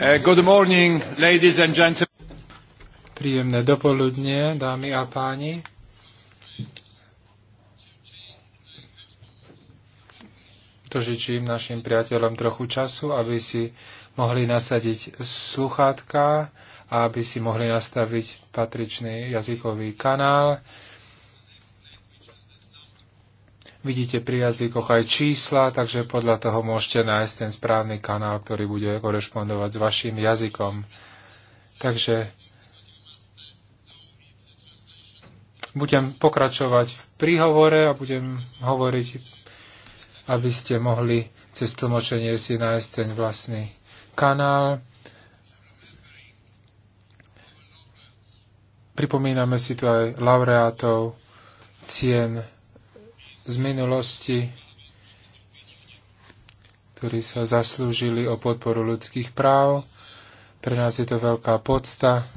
Uh, good morning, ladies and gentlemen. Príjemné dopoludne, dámy a páni. Dožičím našim priateľom trochu času, aby si mohli nasadiť sluchátka a aby si mohli nastaviť patričný jazykový kanál. Vidíte pri jazykoch aj čísla, takže podľa toho môžete nájsť ten správny kanál, ktorý bude korešpondovať s vašim jazykom. Takže budem pokračovať v príhovore a budem hovoriť, aby ste mohli cez tlmočenie si nájsť ten vlastný kanál. Pripomíname si tu aj laureátov cien z minulosti, ktorí sa zaslúžili o podporu ľudských práv. Pre nás je to veľká podsta.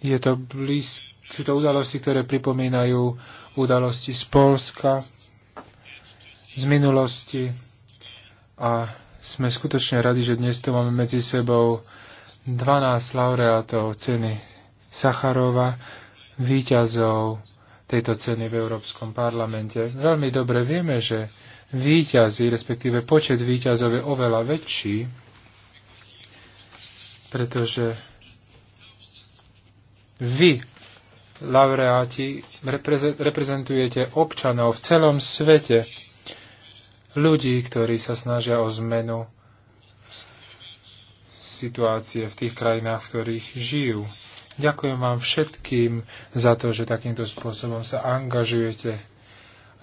Je to blízko sú to udalosti, ktoré pripomínajú udalosti z Polska, z minulosti a sme skutočne radi, že dnes tu máme medzi sebou 12 laureátov ceny Sacharova, výťazov tejto ceny v Európskom parlamente. Veľmi dobre vieme, že výťazí, respektíve počet výťazov je oveľa väčší, pretože vy, laureáti, reprezentujete občanov v celom svete, ľudí, ktorí sa snažia o zmenu situácie v tých krajinách, v ktorých žijú. Ďakujem vám všetkým za to, že takýmto spôsobom sa angažujete.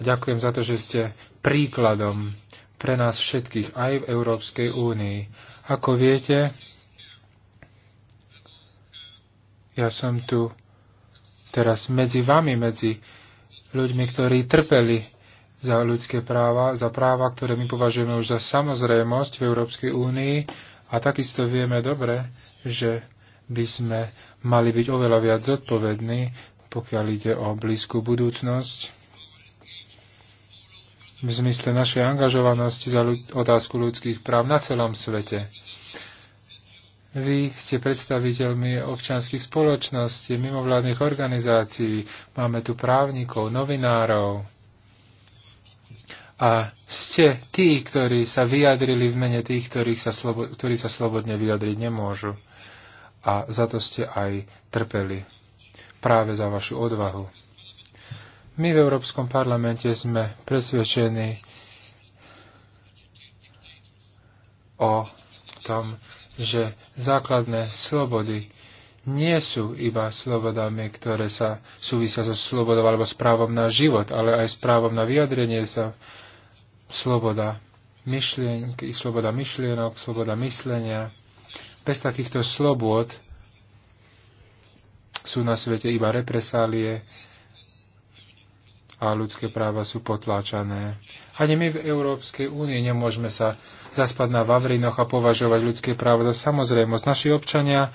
A ďakujem za to, že ste príkladom pre nás všetkých aj v Európskej únii. Ako viete, ja som tu teraz medzi vami, medzi ľuďmi, ktorí trpeli za ľudské práva, za práva, ktoré my považujeme už za samozrejmosť v Európskej únii. A takisto vieme dobre, že by sme mali byť oveľa viac zodpovední, pokiaľ ide o blízku budúcnosť. V zmysle našej angažovanosti za ľud- otázku ľudských práv na celom svete. Vy ste predstaviteľmi občanských spoločností, mimovládnych organizácií, máme tu právnikov, novinárov. A ste tí, ktorí sa vyjadrili v mene tých, sa, slobo- ktorí sa slobodne vyjadriť nemôžu a za to ste aj trpeli. Práve za vašu odvahu. My v Európskom parlamente sme presvedčení o tom, že základné slobody nie sú iba slobodami, ktoré sa súvisia so slobodou alebo s právom na život, ale aj s právom na vyjadrenie sa, sloboda myšlienky, sloboda myšlienok, sloboda myslenia, bez takýchto slobôd sú na svete iba represálie a ľudské práva sú potláčané. Ani my v Európskej únie nemôžeme sa zaspať na Vavrinoch a považovať ľudské práva za samozrejmosť. Naši občania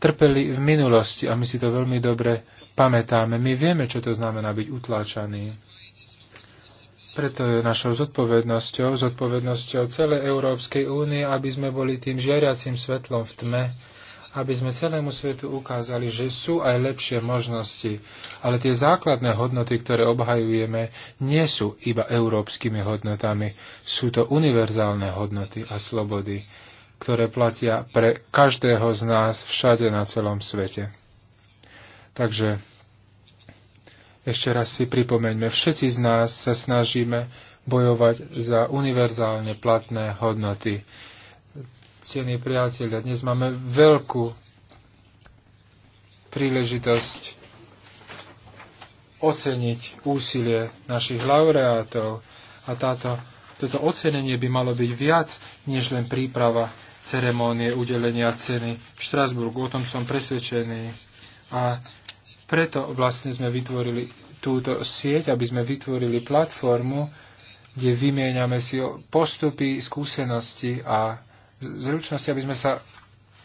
trpeli v minulosti a my si to veľmi dobre pamätáme. My vieme, čo to znamená byť utláčaný. Preto je našou zodpovednosťou, zodpovednosťou celej Európskej únie, aby sme boli tým žiariacim svetlom v tme, aby sme celému svetu ukázali, že sú aj lepšie možnosti. Ale tie základné hodnoty, ktoré obhajujeme, nie sú iba európskymi hodnotami. Sú to univerzálne hodnoty a slobody, ktoré platia pre každého z nás všade na celom svete. Takže ešte raz si pripomeňme, všetci z nás sa snažíme bojovať za univerzálne platné hodnoty. Ciení priatelia, dnes máme veľkú príležitosť oceniť úsilie našich laureátov a táto, toto ocenenie by malo byť viac než len príprava ceremonie udelenia ceny v Štrasburgu. O tom som presvedčený. A preto vlastne sme vytvorili túto sieť, aby sme vytvorili platformu, kde vymieňame si postupy, skúsenosti a zručnosti, aby sme sa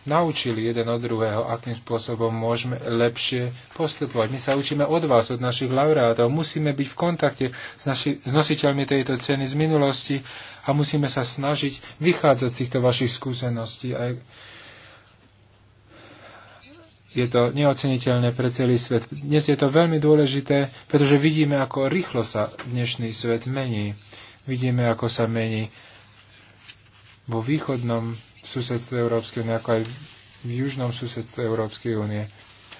naučili jeden od druhého, akým spôsobom môžeme lepšie postupovať. My sa učíme od vás, od našich laureátov. Musíme byť v kontakte s, naši, s nositeľmi tejto ceny z minulosti a musíme sa snažiť vychádzať z týchto vašich skúseností. Aj je to neoceniteľné pre celý svet. Dnes je to veľmi dôležité, pretože vidíme, ako rýchlo sa dnešný svet mení. Vidíme, ako sa mení vo východnom susedstve Európskej únie, ako aj v južnom susedstve Európskej únie.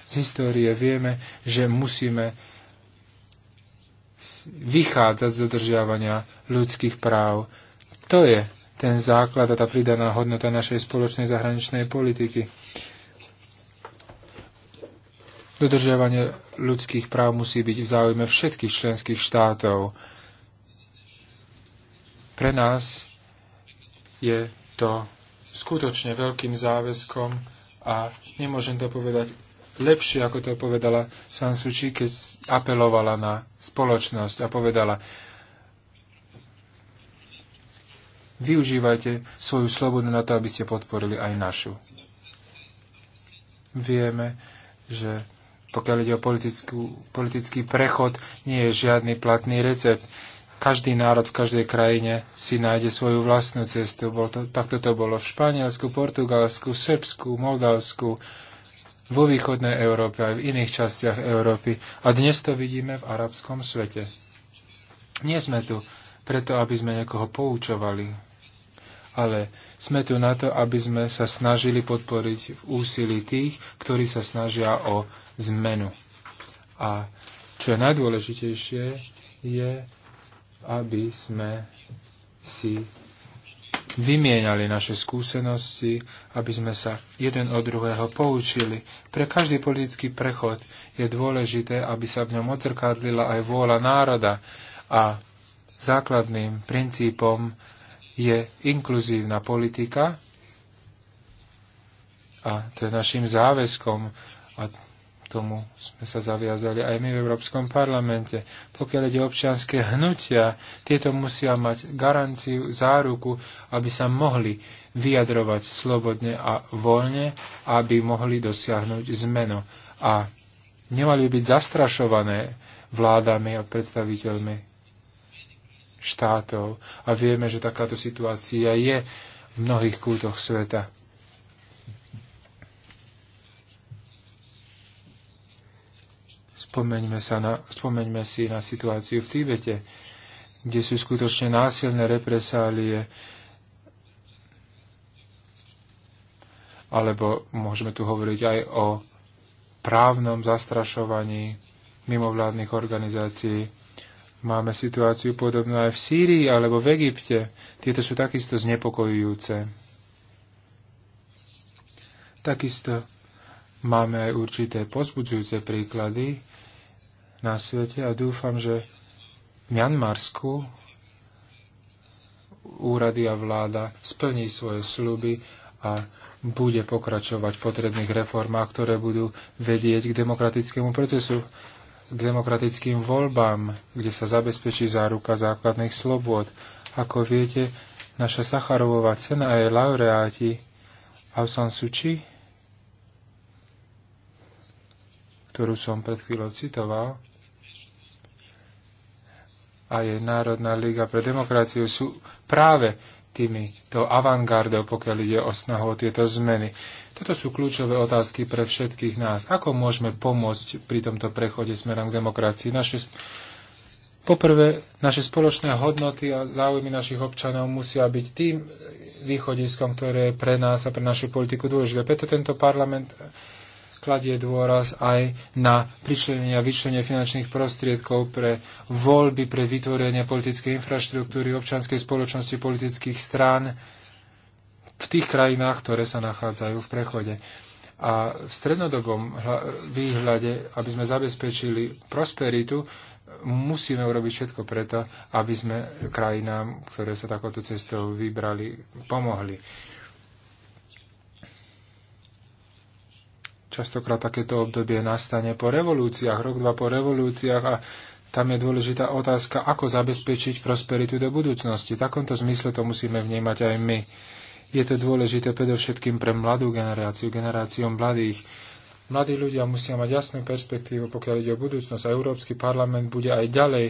Z histórie vieme, že musíme vychádzať z dodržiavania ľudských práv. To je ten základ a tá pridaná hodnota našej spoločnej zahraničnej politiky. Dodržiavanie ľudských práv musí byť v záujme všetkých členských štátov. Pre nás je to skutočne veľkým záväzkom a nemôžem to povedať lepšie, ako to povedala San Suu Kyi, keď apelovala na spoločnosť a povedala, využívajte svoju slobodu na to, aby ste podporili aj našu. Vieme, že pokiaľ ide o politický prechod, nie je žiadny platný recept. Každý národ v každej krajine si nájde svoju vlastnú cestu. Bol to, takto to bolo v Španielsku, Portugalsku, Srbsku, Moldavsku, vo východnej Európe aj v iných častiach Európy. A dnes to vidíme v arabskom svete. Nie sme tu preto, aby sme niekoho poučovali, ale sme tu na to, aby sme sa snažili podporiť v úsilí tých, ktorí sa snažia o zmenu. A čo je najdôležitejšie, je, aby sme si vymieniali naše skúsenosti, aby sme sa jeden od druhého poučili. Pre každý politický prechod je dôležité, aby sa v ňom odzrkadlila aj vôľa národa a základným princípom je inkluzívna politika a to je našim záväzkom a tomu sme sa zaviazali aj my v Európskom parlamente. Pokiaľ ide občianské hnutia, tieto musia mať garanciu, záruku, aby sa mohli vyjadrovať slobodne a voľne, aby mohli dosiahnuť zmenu. A nemali byť zastrašované vládami a predstaviteľmi štátov. A vieme, že takáto situácia je v mnohých kútoch sveta. Spomeňme, sa na, spomeňme si na situáciu v Tibete, kde sú skutočne násilné represálie, alebo môžeme tu hovoriť aj o právnom zastrašovaní mimovládnych organizácií. Máme situáciu podobnú aj v Sýrii alebo v Egypte. Tieto sú takisto znepokojujúce. Takisto máme aj určité pozbudzujúce príklady na svete a dúfam, že v Mianmarsku úrady a vláda splní svoje sluby a bude pokračovať v potrebných reformách, ktoré budú vedieť k demokratickému procesu k demokratickým voľbám, kde sa zabezpečí záruka základných slobôd. Ako viete, naša Sacharovová cena a jej laureáti Aung San Suu Kyi, ktorú som pred chvíľou citoval, a jej Národná liga pre demokraciu sú práve týmito avantgardou, pokiaľ ide o snahu o tieto zmeny. Toto sú kľúčové otázky pre všetkých nás. Ako môžeme pomôcť pri tomto prechode smerom k demokracii? Naše, poprvé, naše spoločné hodnoty a záujmy našich občanov musia byť tým východiskom, ktoré je pre nás a pre našu politiku dôležité. Preto tento parlament kladie dôraz aj na pričlenenie a vyčlenie finančných prostriedkov pre voľby, pre vytvorenie politickej infraštruktúry, občanskej spoločnosti, politických strán, v tých krajinách, ktoré sa nachádzajú v prechode. A v strednodobom výhľade, aby sme zabezpečili prosperitu, musíme urobiť všetko preto, aby sme krajinám, ktoré sa takouto cestou vybrali, pomohli. Častokrát takéto obdobie nastane po revolúciách, rok, dva po revolúciách a tam je dôležitá otázka, ako zabezpečiť prosperitu do budúcnosti. V takomto zmysle to musíme vnímať aj my. Je to dôležité predovšetkým pre mladú generáciu, generáciu mladých. Mladí ľudia musia mať jasnú perspektívu, pokiaľ ide o budúcnosť. A Európsky parlament bude aj ďalej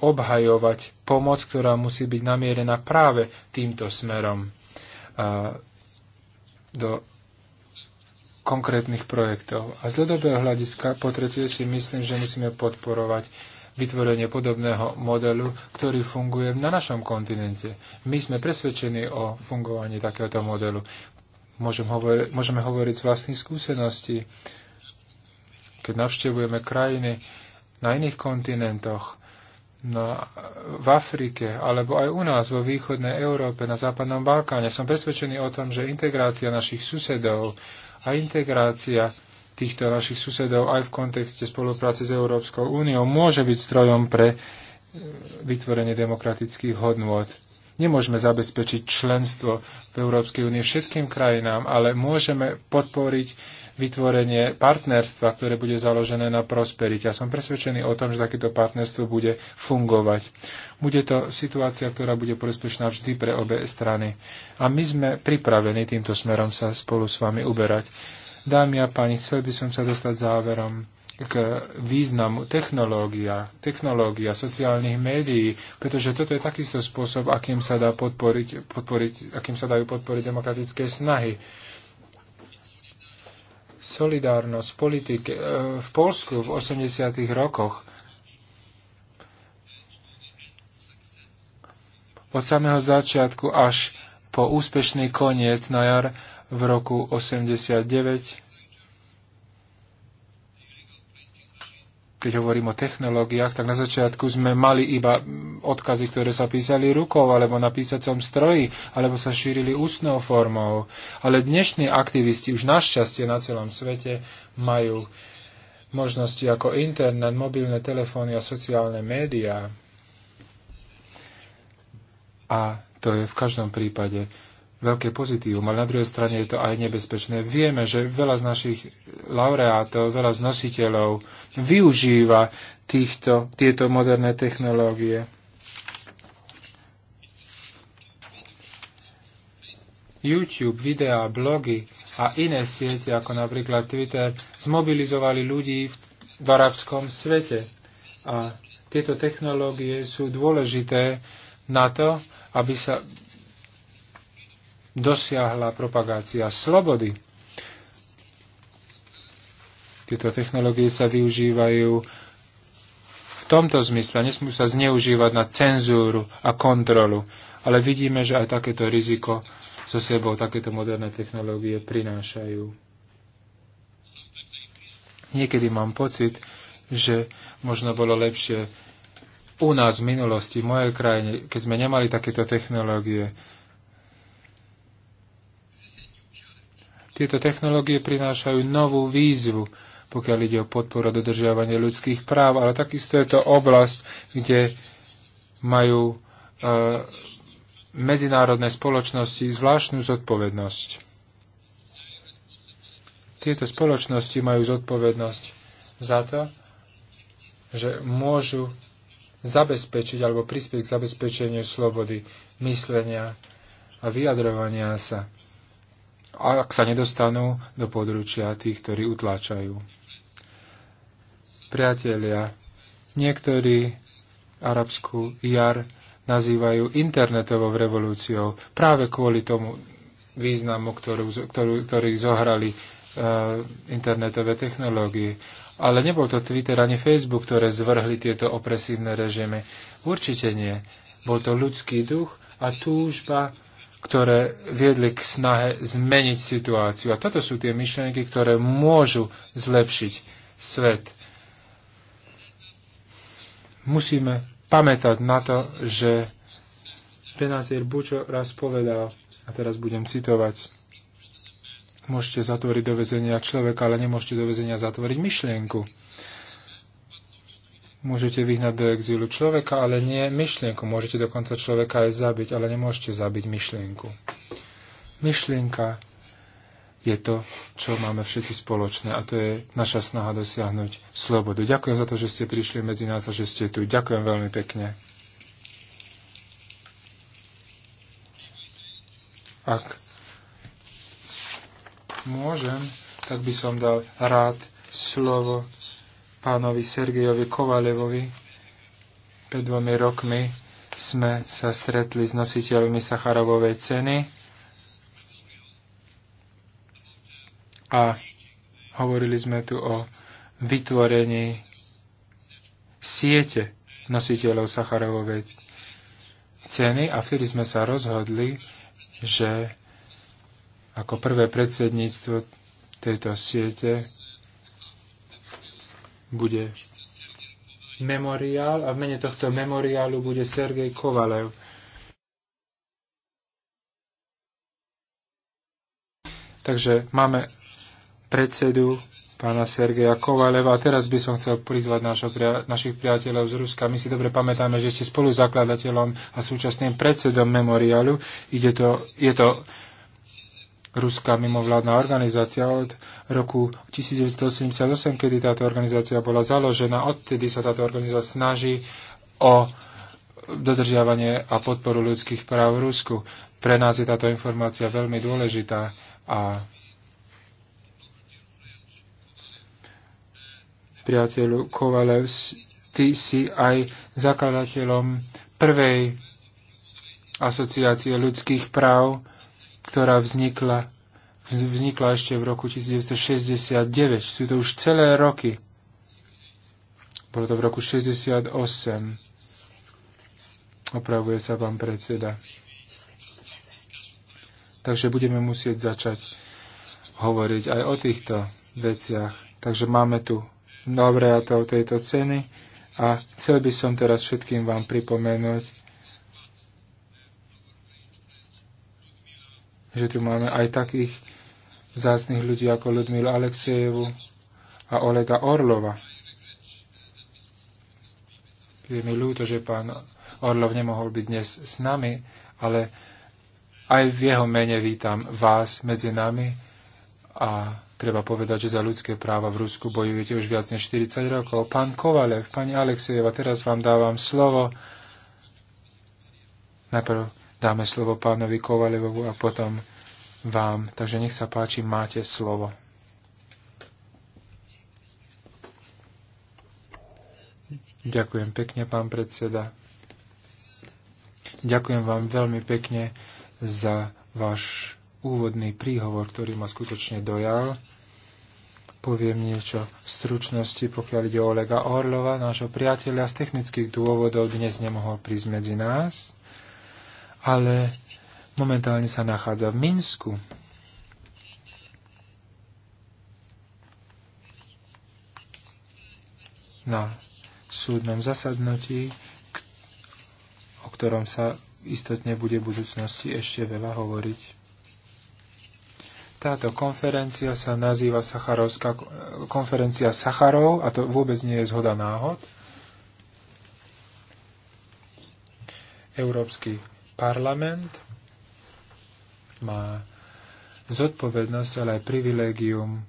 obhajovať pomoc, ktorá musí byť namierená práve týmto smerom do konkrétnych projektov. A z dlhodobého hľadiska, po tretie, si myslím, že musíme podporovať vytvorenie podobného modelu, ktorý funguje na našom kontinente. My sme presvedčení o fungovaní takéhoto modelu. Môžem hovori- môžeme hovoriť z vlastných skúseností. Keď navštevujeme krajiny na iných kontinentoch, na, v Afrike alebo aj u nás vo východnej Európe, na západnom Balkáne. Som presvedčený o tom, že integrácia našich susedov a integrácia týchto našich susedov aj v kontexte spolupráce s Európskou úniou môže byť strojom pre e, vytvorenie demokratických hodnôt. Nemôžeme zabezpečiť členstvo v Európskej únii všetkým krajinám, ale môžeme podporiť vytvorenie partnerstva, ktoré bude založené na prosperite. A som presvedčený o tom, že takéto partnerstvo bude fungovať. Bude to situácia, ktorá bude prospešná vždy pre obe strany. A my sme pripravení týmto smerom sa spolu s vami uberať. Dámy a páni, chcel by som sa dostať záverom k významu technológia, technológia sociálnych médií, pretože toto je takisto spôsob, akým sa, dá podporiť, podporiť, akým sa dajú podporiť demokratické snahy. Solidárnosť v politike e, v Polsku v 80. rokoch od samého začiatku až po úspešný koniec na jar v roku 89 keď hovorím o technológiách, tak na začiatku sme mali iba odkazy, ktoré sa písali rukou alebo na písacom stroji, alebo sa šírili ústnou formou. Ale dnešní aktivisti už našťastie na celom svete majú možnosti ako internet, mobilné telefóny a sociálne médiá. A to je v každom prípade veľké pozitívum, ale na druhej strane je to aj nebezpečné. Vieme, že veľa z našich laureátov, veľa z nositeľov využíva týchto, tieto moderné technológie. YouTube, videá, blogy a iné siete, ako napríklad Twitter, zmobilizovali ľudí v, v arabskom svete. A tieto technológie sú dôležité na to, aby sa dosiahla propagácia slobody. Tieto technológie sa využívajú v tomto zmysle. Nesmú sa zneužívať na cenzúru a kontrolu. Ale vidíme, že aj takéto riziko so sebou takéto moderné technológie prinášajú. Niekedy mám pocit, že možno bolo lepšie u nás v minulosti, v mojej krajine, keď sme nemali takéto technológie, Tieto technológie prinášajú novú výzvu, pokiaľ ide o podporu a dodržiavanie ľudských práv, ale takisto je to oblasť, kde majú e, medzinárodné spoločnosti zvláštnu zodpovednosť. Tieto spoločnosti majú zodpovednosť za to, že môžu zabezpečiť alebo prispieť k zabezpečeniu slobody myslenia a vyjadrovania sa a ak sa nedostanú do područia tých, ktorí utláčajú. Priatelia, niektorí arabskú jar nazývajú internetovou revolúciou práve kvôli tomu významu, ktorú, ktorú, ktorý zohrali uh, internetové technológie. Ale nebol to Twitter ani Facebook, ktoré zvrhli tieto opresívne režimy. Určite nie. Bol to ľudský duch a túžba ktoré viedli k snahe zmeniť situáciu. A toto sú tie myšlienky, ktoré môžu zlepšiť svet. Musíme pamätať na to, že Benazir Bučo raz povedal, a teraz budem citovať, môžete zatvoriť do väzenia človeka, ale nemôžete do väzenia zatvoriť myšlienku. Môžete vyhnať do exílu človeka, ale nie myšlienku. Môžete dokonca človeka aj zabiť, ale nemôžete zabiť myšlienku. Myšlienka je to, čo máme všetci spoločné a to je naša snaha dosiahnuť slobodu. Ďakujem za to, že ste prišli medzi nás a že ste tu. Ďakujem veľmi pekne. Ak môžem, tak by som dal rád slovo pánovi Sergejovi Kovalevovi. Pred dvomi rokmi sme sa stretli s nositeľmi Sacharovovej ceny a hovorili sme tu o vytvorení siete nositeľov Sacharovovej ceny a vtedy sme sa rozhodli, že ako prvé predsedníctvo tejto siete bude memoriál a v mene tohto memoriálu bude Sergej Kovalev. Takže máme predsedu pána Sergeja Kovaleva. A teraz by som chcel prizvať našo, našich priateľov z Ruska. My si dobre pamätáme, že ste spoluzakladateľom a súčasným predsedom memoriálu. Ide to, je to ruská mimovládna organizácia od roku 1988, kedy táto organizácia bola založená. Odtedy sa táto organizácia snaží o dodržiavanie a podporu ľudských práv v Rusku. Pre nás je táto informácia veľmi dôležitá a priateľu Kovalev, ty si aj zakladateľom prvej asociácie ľudských práv ktorá vznikla, vznikla ešte v roku 1969. Sú to už celé roky. Bolo to v roku 68. Opravuje sa pán predseda. Takže budeme musieť začať hovoriť aj o týchto veciach. Takže máme tu laureátov tejto ceny a chcel by som teraz všetkým vám pripomenúť, že tu máme aj takých vzácných ľudí ako Ludmilu Aleksejevu a Olega Orlova. Je mi ľúto, že pán Orlov nemohol byť dnes s nami, ale aj v jeho mene vítam vás medzi nami a treba povedať, že za ľudské práva v Rusku bojujete už viac než 40 rokov. Pán Kovalev, pani Aleksejeva, teraz vám dávam slovo. Najprv dáme slovo pánovi Kovalevovu a potom vám. Takže nech sa páči, máte slovo. Ďakujem pekne, pán predseda. Ďakujem vám veľmi pekne za váš úvodný príhovor, ktorý ma skutočne dojal. Poviem niečo v stručnosti, pokiaľ ide o Olega Orlova, nášho priateľa z technických dôvodov dnes nemohol prísť medzi nás ale momentálne sa nachádza v Minsku. Na súdnom zasadnutí, o ktorom sa istotne bude v budúcnosti ešte veľa hovoriť. Táto konferencia sa nazýva Sacharovská konferencia Sacharov a to vôbec nie je zhoda náhod. Európsky parlament má zodpovednosť, ale aj privilegium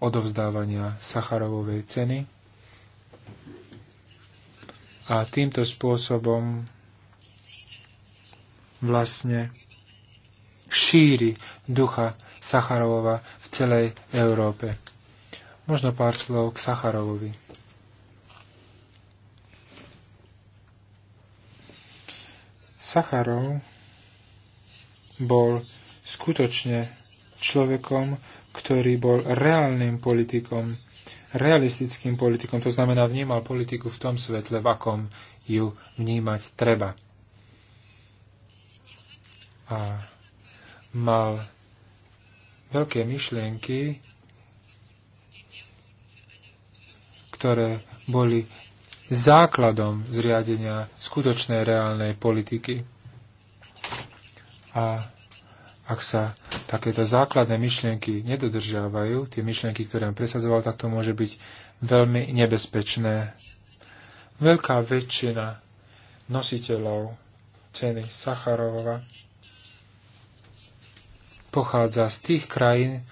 odovzdávania Sacharovovej ceny. A týmto spôsobom vlastne šíri ducha Sacharovova v celej Európe. Možno pár slov k Sacharovovi. Sacharov bol skutočne človekom, ktorý bol reálnym politikom, realistickým politikom, to znamená vnímal politiku v tom svetle, v akom ju vnímať treba. A mal veľké myšlienky, ktoré boli základom zriadenia skutočnej reálnej politiky. A ak sa takéto základné myšlienky nedodržiavajú, tie myšlienky, ktoré on presadzoval, tak to môže byť veľmi nebezpečné. Veľká väčšina nositeľov ceny Sacharova pochádza z tých krajín,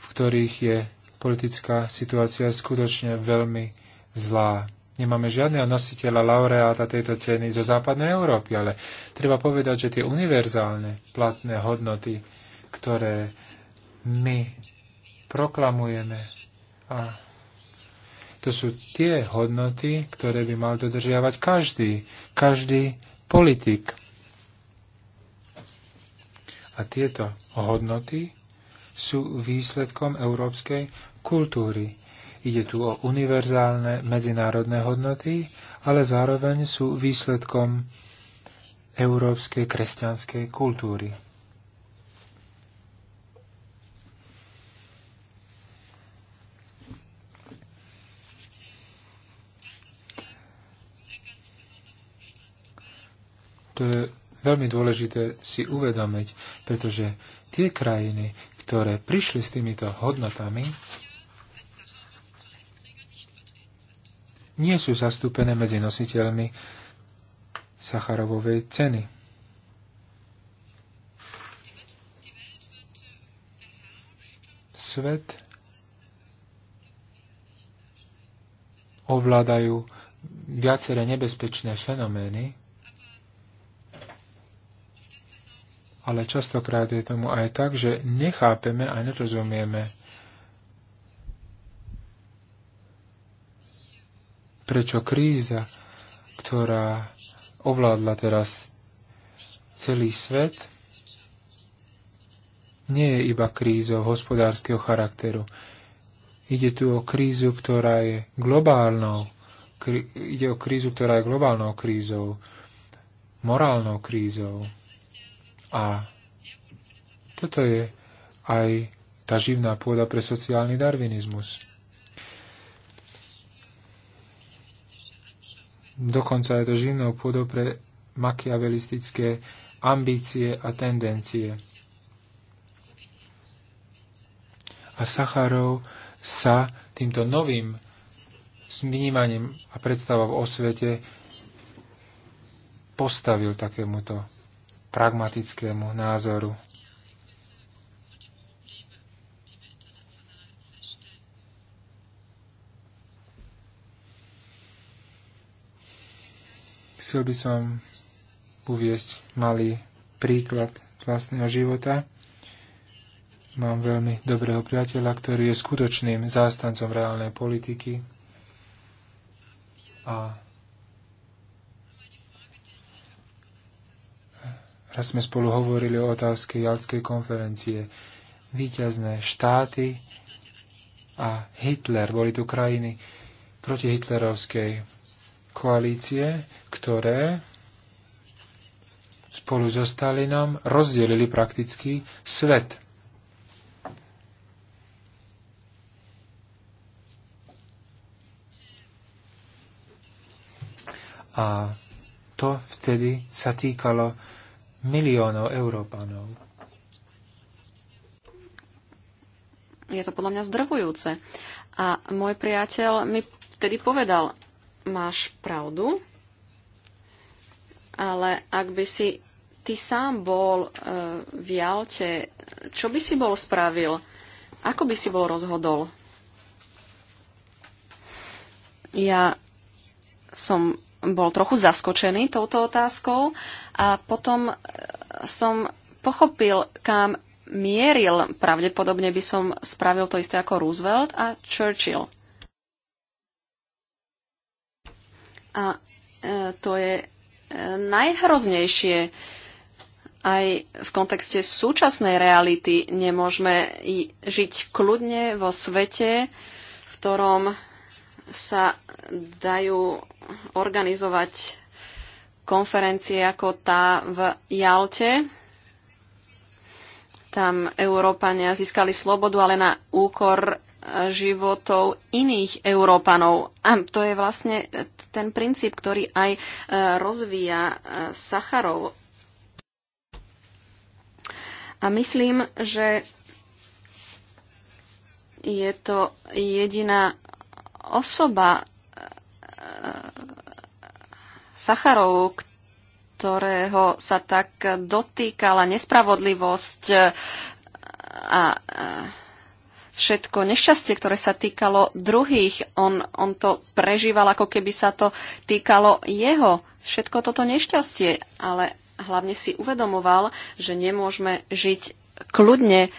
v ktorých je politická situácia skutočne veľmi zlá. Nemáme žiadneho nositeľa laureáta tejto ceny zo západnej Európy, ale treba povedať, že tie univerzálne platné hodnoty, ktoré my proklamujeme a to sú tie hodnoty, ktoré by mal dodržiavať každý, každý politik. A tieto hodnoty sú výsledkom európskej kultúry. Ide tu o univerzálne medzinárodné hodnoty, ale zároveň sú výsledkom európskej kresťanskej kultúry. To je veľmi dôležité si uvedomiť, pretože tie krajiny, ktoré prišli s týmito hodnotami, nie sú zastúpené medzi nositeľmi Sacharovovej ceny. Svet ovládajú viaceré nebezpečné fenomény, ale častokrát je tomu aj tak, že nechápeme a nerozumieme Prečo kríza, ktorá ovládla teraz celý svet, nie je iba krízou hospodárskeho charakteru. Ide tu o krízu, ktorá je globálnou. Kri- ide o krízu, ktorá je globálnou krízou, morálnou krízou. A toto je aj tá živná pôda pre sociálny darvinizmus. Dokonca je to živnou pôdou pre machiavelistické ambície a tendencie. A Sacharov sa týmto novým vnímaním a predstavou o svete postavil takémuto pragmatickému názoru. Chcel by som uviesť malý príklad vlastného života. Mám veľmi dobrého priateľa, ktorý je skutočným zástancom reálnej politiky a Raz sme spolu hovorili o otázke Jalskej konferencie. Výťazné štáty a Hitler boli tu krajiny protihitlerovskej koalície, ktoré spolu so Stalinom rozdelili prakticky svet. A to vtedy sa týkalo miliónov Európanov. Je to podľa mňa zdrvujúce. A môj priateľ mi vtedy povedal, máš pravdu, ale ak by si ty sám bol e, v Jalte, čo by si bol spravil? Ako by si bol rozhodol? Ja som bol trochu zaskočený touto otázkou a potom e, som pochopil, kam mieril. Pravdepodobne by som spravil to isté ako Roosevelt a Churchill. A e, to je e, najhroznejšie. Aj v kontexte súčasnej reality nemôžeme žiť kľudne vo svete, v ktorom sa dajú organizovať konferencie ako tá v Jalte. Tam Európania získali slobodu, ale na úkor životov iných Európanov. A to je vlastne ten princíp, ktorý aj e, rozvíja e, Sacharov. A myslím, že je to jediná osoba e, Sacharov, ktorého sa tak dotýkala nespravodlivosť a, a všetko nešťastie, ktoré sa týkalo druhých. On, on to prežíval, ako keby sa to týkalo jeho. Všetko toto nešťastie, ale hlavne si uvedomoval, že nemôžeme žiť kľudne eh,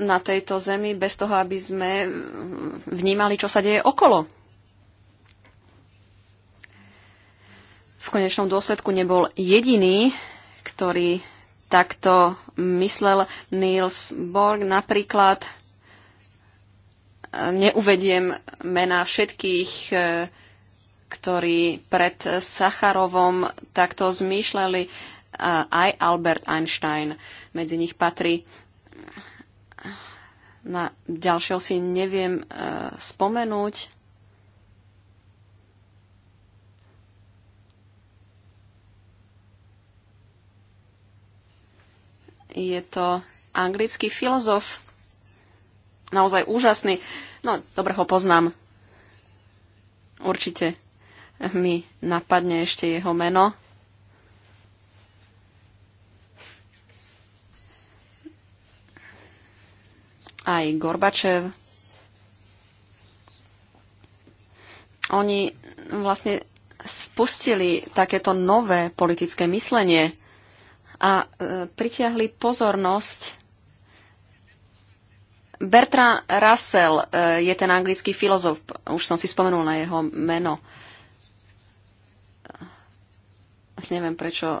na tejto zemi bez toho, aby sme eh, vnímali, čo sa deje okolo. V konečnom dôsledku nebol jediný, ktorý takto myslel Niels Borg. Napríklad e, neuvediem mená všetkých, e, ktorí pred Sacharovom takto zmýšľali. E, aj Albert Einstein medzi nich patrí. Na ďalšieho si neviem spomenúť. Je to anglický filozof, naozaj úžasný. No, dobre ho poznám. Určite mi napadne ešte jeho meno. Aj Gorbačev. Oni vlastne spustili takéto nové politické myslenie a e, pritiahli pozornosť Bertrand Russell e, je ten anglický filozof, už som si spomenul na jeho meno. Neviem, prečo e,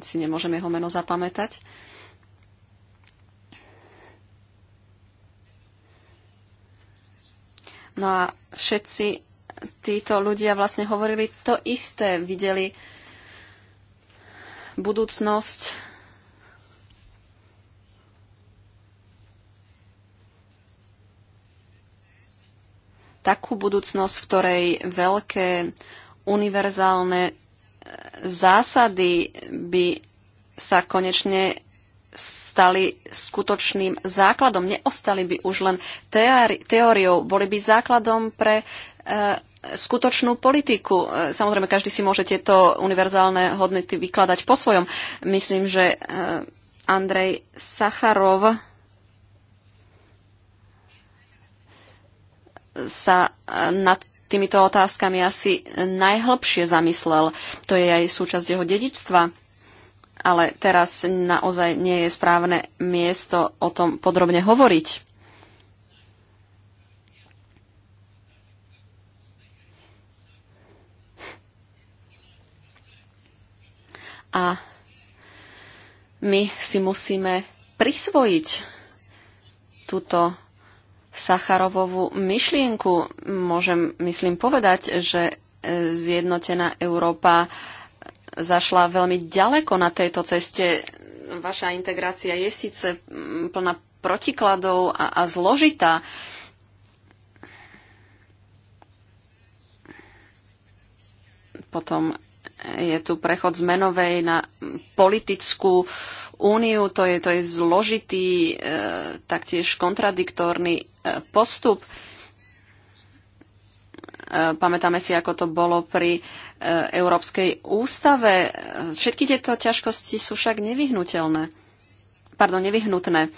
si nemôžem jeho meno zapamätať. No a všetci títo ľudia vlastne hovorili to isté, videli budúcnosť takú budúcnosť, v ktorej veľké univerzálne e, zásady by sa konečne stali skutočným základom. Neostali by už len teóriou, boli by základom pre e, skutočnú politiku. E, Samozrejme, každý si môže tieto univerzálne hodnoty vykladať po svojom. Myslím, že e, Andrej Sacharov sa e, nad týmito otázkami asi najhlbšie zamyslel. To je aj súčasť jeho dedičstva. Ale teraz naozaj nie je správne miesto o tom podrobne hovoriť. a my si musíme prisvojiť túto Sacharovovú myšlienku. Môžem, myslím, povedať, že e, zjednotená Európa zašla veľmi ďaleko na tejto ceste. Vaša integrácia je síce plná protikladov a, a zložitá. Potom je tu prechod z menovej na politickú úniu. To je, to je zložitý, e, taktiež kontradiktórny e, postup. E, pamätáme si, ako to bolo pri e, Európskej ústave. Všetky tieto ťažkosti sú však nevyhnutelné. Pardon, nevyhnutné.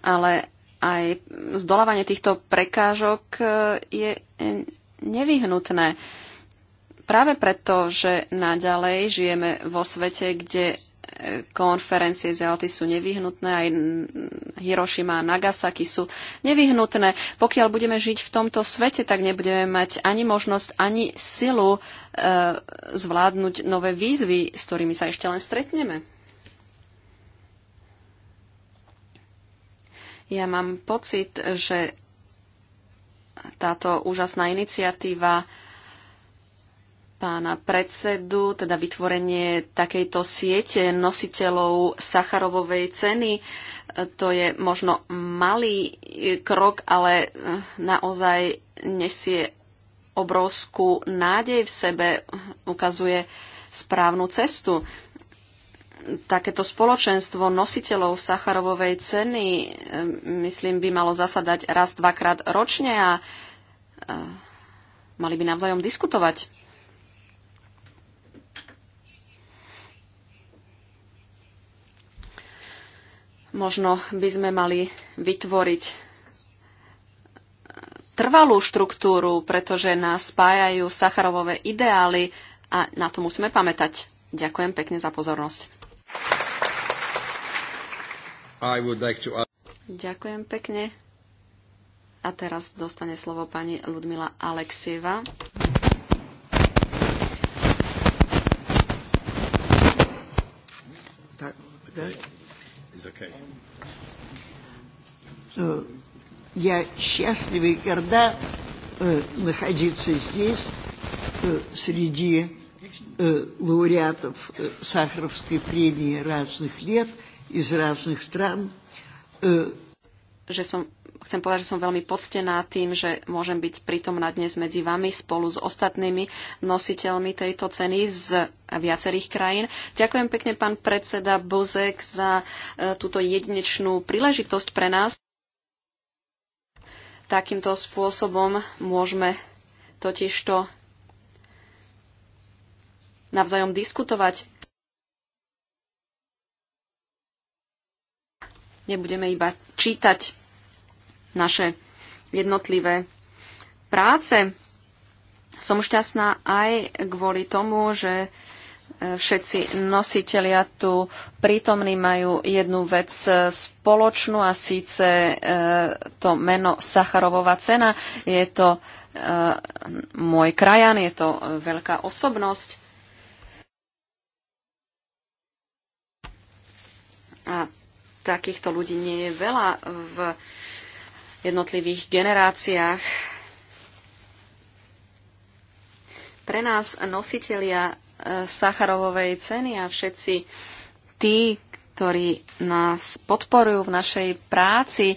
Ale aj zdolávanie týchto prekážok e, je nevyhnutné. E, práve preto, že naďalej žijeme vo svete, kde e, konferencie z Alty sú nevyhnutné, aj mm, Hiroshima a Nagasaki sú nevyhnutné. Pokiaľ budeme žiť v tomto svete, tak nebudeme mať ani možnosť, ani silu e, zvládnuť nové výzvy, s ktorými sa ešte len stretneme. Ja mám pocit, že táto úžasná iniciatíva e, pána predsedu, teda vytvorenie takejto siete nositeľov Sacharovovej ceny. E, to je možno malý e, krok, ale e, naozaj nesie obrovskú nádej v sebe, ukazuje správnu cestu. Takéto spoločenstvo nositeľov Sacharovovej ceny, myslím, by malo zasadať raz, dvakrát ročne a mali by navzájom diskutovať. Možno by sme mali vytvoriť trvalú štruktúru, pretože nás spájajú sacharovové ideály a na to musíme pamätať. Ďakujem pekne za pozornosť. Like to... Ďakujem pekne. A teraz dostane slovo pani Ludmila Alexieva. Tak, tak is okay. Я счастлива и горда находиться здесь, среди лауреатов Сахаровской премии разных лет из разных стран. Že som chcem povedať, že som veľmi poctená tým, že môžem byť prítomná dnes medzi vami spolu s ostatnými nositeľmi tejto ceny z viacerých krajín. Ďakujem pekne, pán predseda Bozek, za e, túto jedinečnú príležitosť pre nás. Takýmto spôsobom môžeme totižto navzájom diskutovať. Nebudeme iba čítať naše jednotlivé práce. Som šťastná aj kvôli tomu, že e, všetci nositelia tu prítomní majú jednu vec e, spoločnú a síce e, to meno Sacharovová cena. Je to môj krajan, je to veľká osobnosť. A takýchto ľudí nie je veľa v jednotlivých generáciách. Pre nás nositelia e, Sacharovovej ceny a všetci tí, ktorí nás podporujú v našej práci,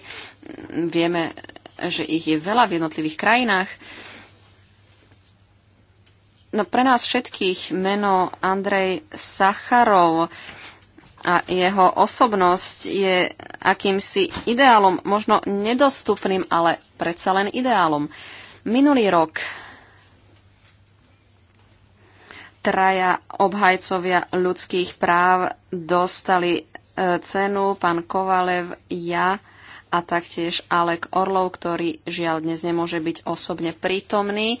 vieme, že ich je veľa v jednotlivých krajinách. No pre nás všetkých meno Andrej Sacharov a jeho osobnosť je akýmsi ideálom, možno nedostupným, ale predsa len ideálom. Minulý rok traja obhajcovia ľudských práv dostali e, cenu, pán Kovalev, ja a taktiež Alek Orlov, ktorý žiaľ dnes nemôže byť osobne prítomný, e,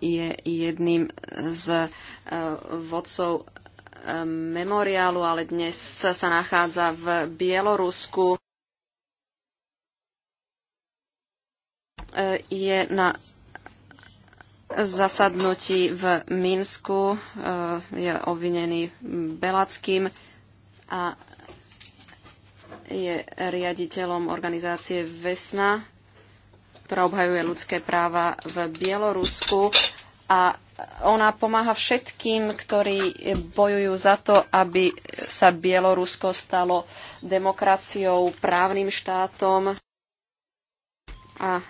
je jedným z e, vodcov memoriálu, ale dnes sa nachádza v Bielorusku. Je na zasadnutí v Minsku, eh, je obvinený Belackým a je riaditeľom organizácie Vesna, ktorá obhajuje ľudské práva v Bielorusku a ona pomáha všetkým, ktorí bojujú za to, aby sa Bielorusko stalo demokraciou, právnym štátom. A e,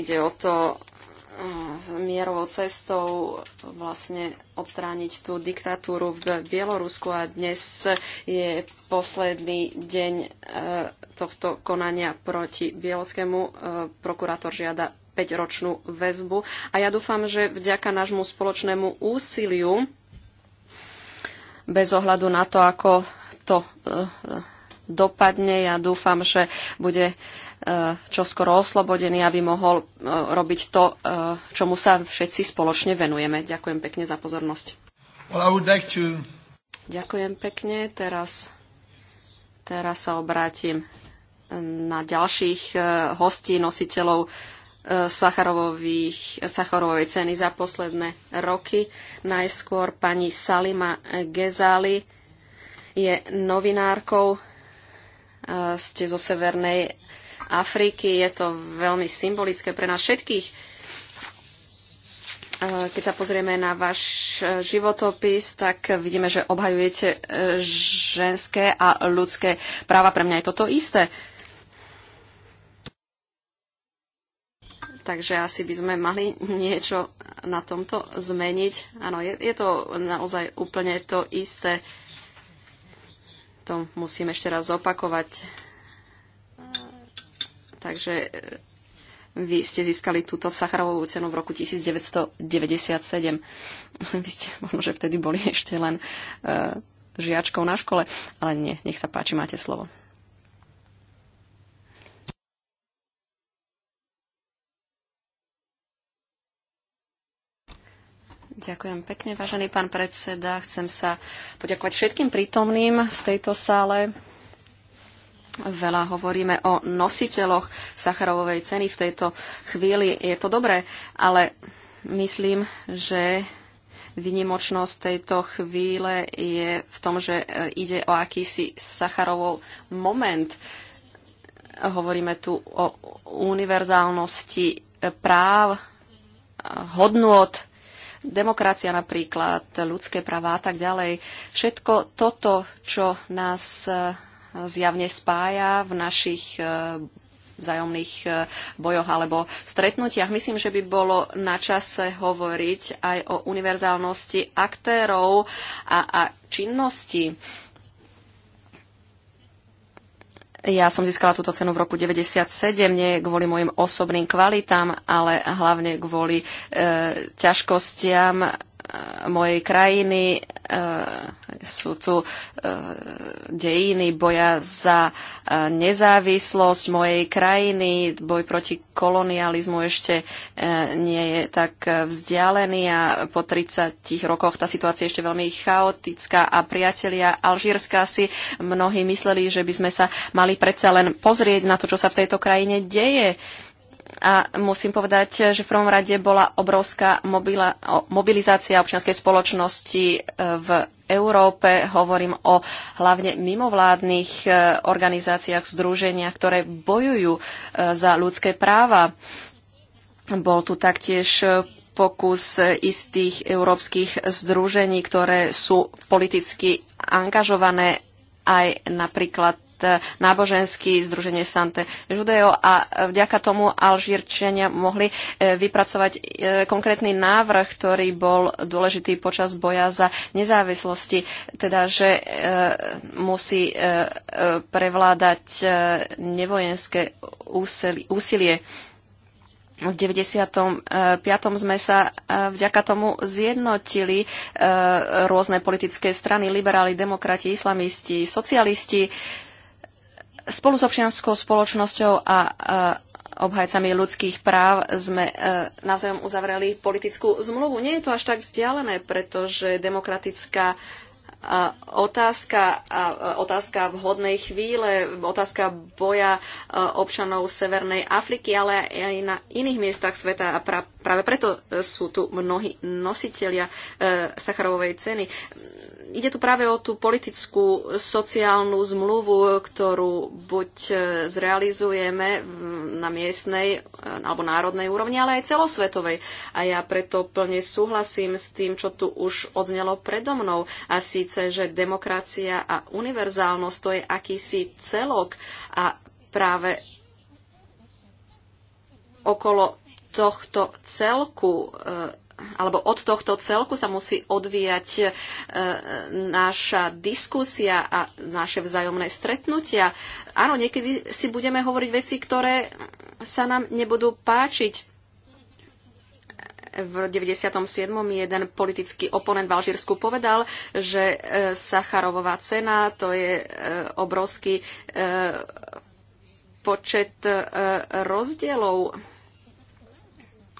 ide o to e, mierovou cestou vlastne odstrániť tú diktatúru v Bielorusku a dnes je posledný deň e, tohto konania proti Bielskému. E, prokurátor žiada 5-ročnú väzbu. A ja dúfam, že vďaka nášmu spoločnému úsiliu, bez ohľadu na to, ako to e, dopadne, ja dúfam, že bude e, čoskoro oslobodený, aby mohol robiť to, čomu sa všetci spoločne venujeme. Ďakujem pekne za pozornosť. Well, like to... Ďakujem pekne. Teraz, teraz sa obrátim na ďalších e, hostí, nositeľov e, sacharovej ceny za posledné roky. Najskôr pani Salima Gezali je novinárkou, e, ste zo Severnej Afriky. Je to veľmi symbolické pre nás všetkých keď sa pozrieme na váš životopis, tak vidíme, že obhajujete ženské a ľudské práva. Pre mňa je toto isté. Takže asi by sme mali niečo na tomto zmeniť. Áno, je, je to naozaj úplne to isté. To musím ešte raz opakovať. E, takže e, vy ste získali túto Sacharovú cenu v roku 1997. Vy ste možno, že vtedy boli ešte len e, žiačkou na škole, ale nie, nech sa páči, máte slovo. Ďakujem pekne, vážený pán predseda. Chcem sa poďakovať všetkým prítomným v tejto sále. Veľa hovoríme o nositeľoch Sacharovovej ceny v tejto chvíli. Je to dobré, ale myslím, že vynimočnosť tejto chvíle je v tom, že e, ide o akýsi Sacharovov moment. Hovoríme tu o univerzálnosti e, práv, e, hodnôt demokracia napríklad, ľudské práva a tak ďalej. Všetko toto, čo nás e, zjavne spája v našich e, vzájomných e, bojoch alebo stretnutiach. Myslím, že by bolo na čase hovoriť aj o univerzálnosti aktérov a, a činnosti ja som získala túto cenu v roku 1997, nie kvôli mojim osobným kvalitám, ale hlavne kvôli e, ťažkostiam e, mojej krajiny sú tu e, dejiny boja za e, nezávislosť mojej krajiny, boj proti kolonializmu ešte e, nie je tak vzdialený a po 30 rokoch tá situácia je ešte veľmi chaotická a priatelia Alžírska si mnohí mysleli, že by sme sa mali predsa len pozrieť na to, čo sa v tejto krajine deje a musím povedať, že v prvom rade bola obrovská mobila, mobilizácia občianskej spoločnosti e, v Európe. Hovorím o hlavne mimovládnych e, organizáciách, združeniach, ktoré bojujú e, za ľudské práva. Bol tu taktiež pokus istých európskych združení, ktoré sú politicky angažované aj napríklad náboženský združenie Sante Judeo a vďaka tomu Alžírčania mohli e, vypracovať e, konkrétny návrh, ktorý bol dôležitý počas boja za nezávislosti, teda že e, musí prevládať nevojenské úsilie v 95. sme sa vďaka tomu zjednotili rôzne politické strany, liberáli, demokrati, islamisti, socialisti. Spolu s občianskou spoločnosťou a obhajcami ľudských práv sme e, navzájom uzavreli politickú zmluvu. Nie je to až tak vzdialené, pretože demokratická e, otázka, e, otázka vhodnej chvíle, otázka boja občanov Severnej Afriky, ale aj na iných miestach sveta a práve preto sú tu mnohí nositelia Sacharovej ceny ide tu práve o tú politickú sociálnu zmluvu, ktorú buď e, zrealizujeme na miestnej e, alebo národnej úrovni, ale aj celosvetovej. A ja preto plne súhlasím s tým, čo tu už odznelo predo mnou. A síce, že demokracia a univerzálnosť to je akýsi celok a práve okolo tohto celku e, alebo od tohto celku sa musí odvíjať e, naša diskusia a naše vzájomné stretnutia. Áno, niekedy si budeme hovoriť veci, ktoré sa nám nebudú páčiť. V 97. jeden politický oponent v Alžírsku povedal, že e, Sacharovová cena to je e, obrovský e, počet rozdielov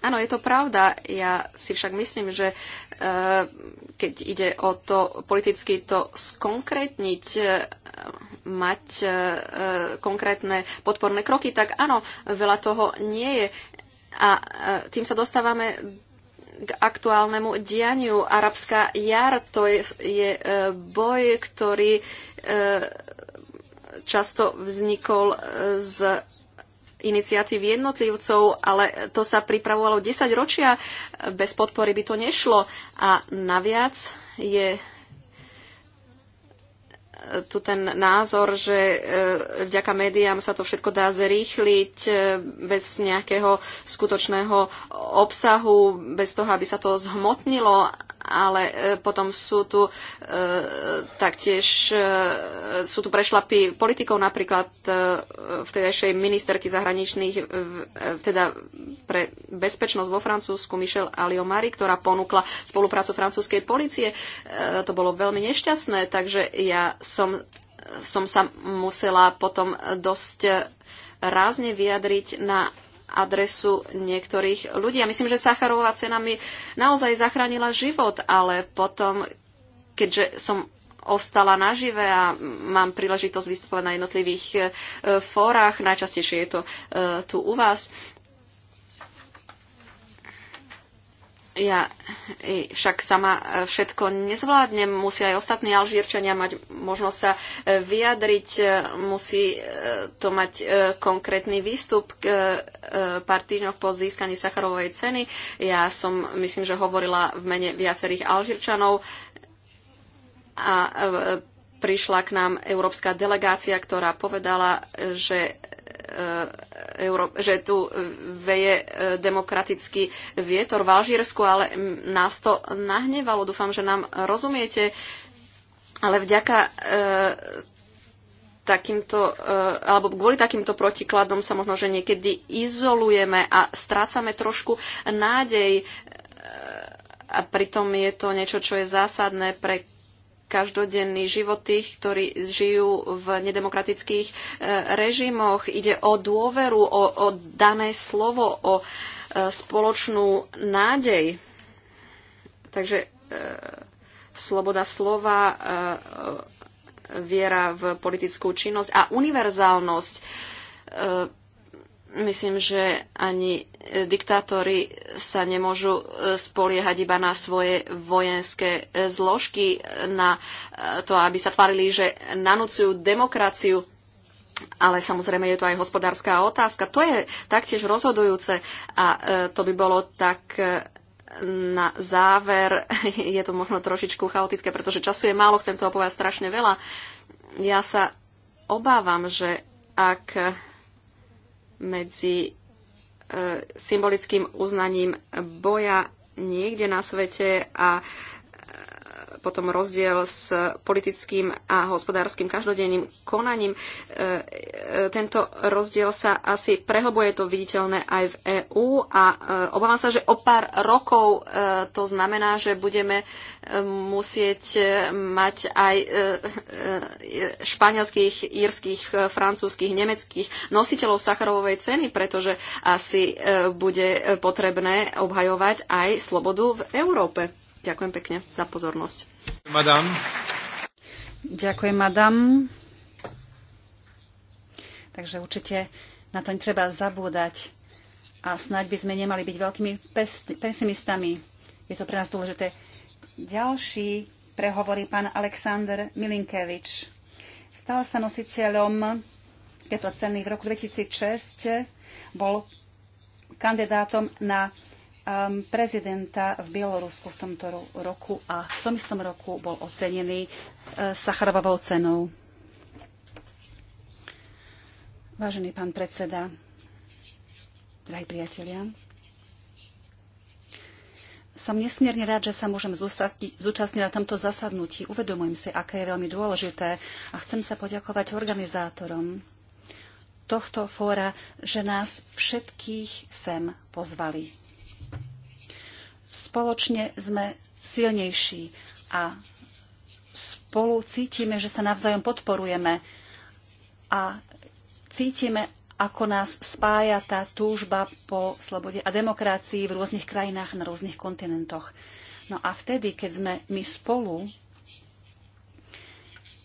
Áno, je to pravda. Ja si však myslím, že eh, keď ide o to politicky to skonkrétniť, eh, mať eh, konkrétne podporné kroky, tak áno, veľa toho nie je. A tým sa dostávame k aktuálnemu dianiu. Arabská jar to je, je boj, ktorý často vznikol z iniciatív jednotlivcov, ale to sa pripravovalo 10 ročia, bez podpory by to nešlo. A naviac je tu ten názor, že e, vďaka médiám sa to všetko dá zrýchliť e, bez nejakého skutočného obsahu, bez toho, aby sa to zhmotnilo ale e, potom sú tu e, taktiež e, sú tu prešlapy politikov napríklad vtedajšej ministerky zahraničných teda pre bezpečnosť vo Francúzsku Michel Aliomari, ktorá ponúkla spoluprácu francúzskej policie. To bolo veľmi nešťastné, takže ja som, som sa musela potom dosť rázne vyjadriť na adresu niektorých ľudí. A myslím, že Sacharová cena mi naozaj zachránila život, ale potom, keďže som ostala nažive a mám príležitosť vystupovať na jednotlivých e, fórach. Najčastejšie je to e, tu u vás. Ja e, však sama e, všetko nezvládnem, musí aj ostatní Alžírčania mať možnosť sa e, vyjadriť, musí to mať konkrétny výstup k pár týždňoch po získaní Sacharovej ceny. Ja som, myslím, že hovorila v mene viacerých Alžírčanov a prišla k nám európska delegácia, ktorá povedala, že Eh, Euró- že tu veje eh, demokratický vietor v Alžírsku, ale nás to nahnevalo. Dúfam, že nám rozumiete. Ale vďaka eh, takýmto, alebo kvôli takýmto protikladom sa možno, že niekedy izolujeme a strácame trošku nádej. a pritom je to niečo, čo je zásadné pre každodenný život tých, ktorí žijú v nedemokratických e, režimoch. Ide o dôveru, o, o dané slovo, o e, spoločnú nádej. Takže e, sloboda slova, viera v politickú činnosť a univerzálnosť. myslím, že ani diktátori sa nemôžu e, spoliehať iba na svoje vojenské e, zložky, e, na to, aby sa tvarili, že nanúcujú demokraciu. Ale samozrejme je to aj hospodárska otázka. To je taktiež rozhodujúce a to by bolo tak na záver. Je to možno trošičku chaotické, pretože času je málo, chcem toho povedať strašne veľa. Ja sa obávam, že ak medzi E, symbolickým uznaním boja niekde na svete a potom rozdiel s politickým a hospodárskym každodenným konaním. E, e, tento rozdiel sa asi prehlbuje, to viditeľné aj v EÚ a e, obávam sa, že o pár rokov to znamená, že budeme musieť mať aj španielských, írskych, francúzských, nemeckých nositeľov Sacharovej ceny, pretože asi bude potrebné obhajovať aj slobodu v Európe. Ďakujem pekne za pozornosť. Madam. Ďakujem, madam. Takže určite na to netreba zabúdať a snáď by sme nemali byť veľkými pesimistami. Je to pre nás dôležité. Ďalší prehovorí pán Aleksandr Milinkevič. Stal sa nositeľom tejto ceny v roku 2006, bol kandidátom na um, prezidenta v Bielorusku v tomto roku a v tom istom roku bol ocenený uh, eh, Sacharovou cenou. Vážený pán predseda, drahí priatelia, som nesmierne rád, že sa môžem zúčastniť, zúčastniť na tomto zasadnutí. Uvedomujem si, aké je veľmi dôležité a chcem sa poďakovať organizátorom tohto fóra, že nás všetkých sem pozvali. Spoločne sme silnejší a spolu cítime, že sa navzájom podporujeme a cítime, ako nás spája tá túžba po slobode a demokracii v rôznych krajinách na rôznych kontinentoch. No a vtedy, keď sme my spolu,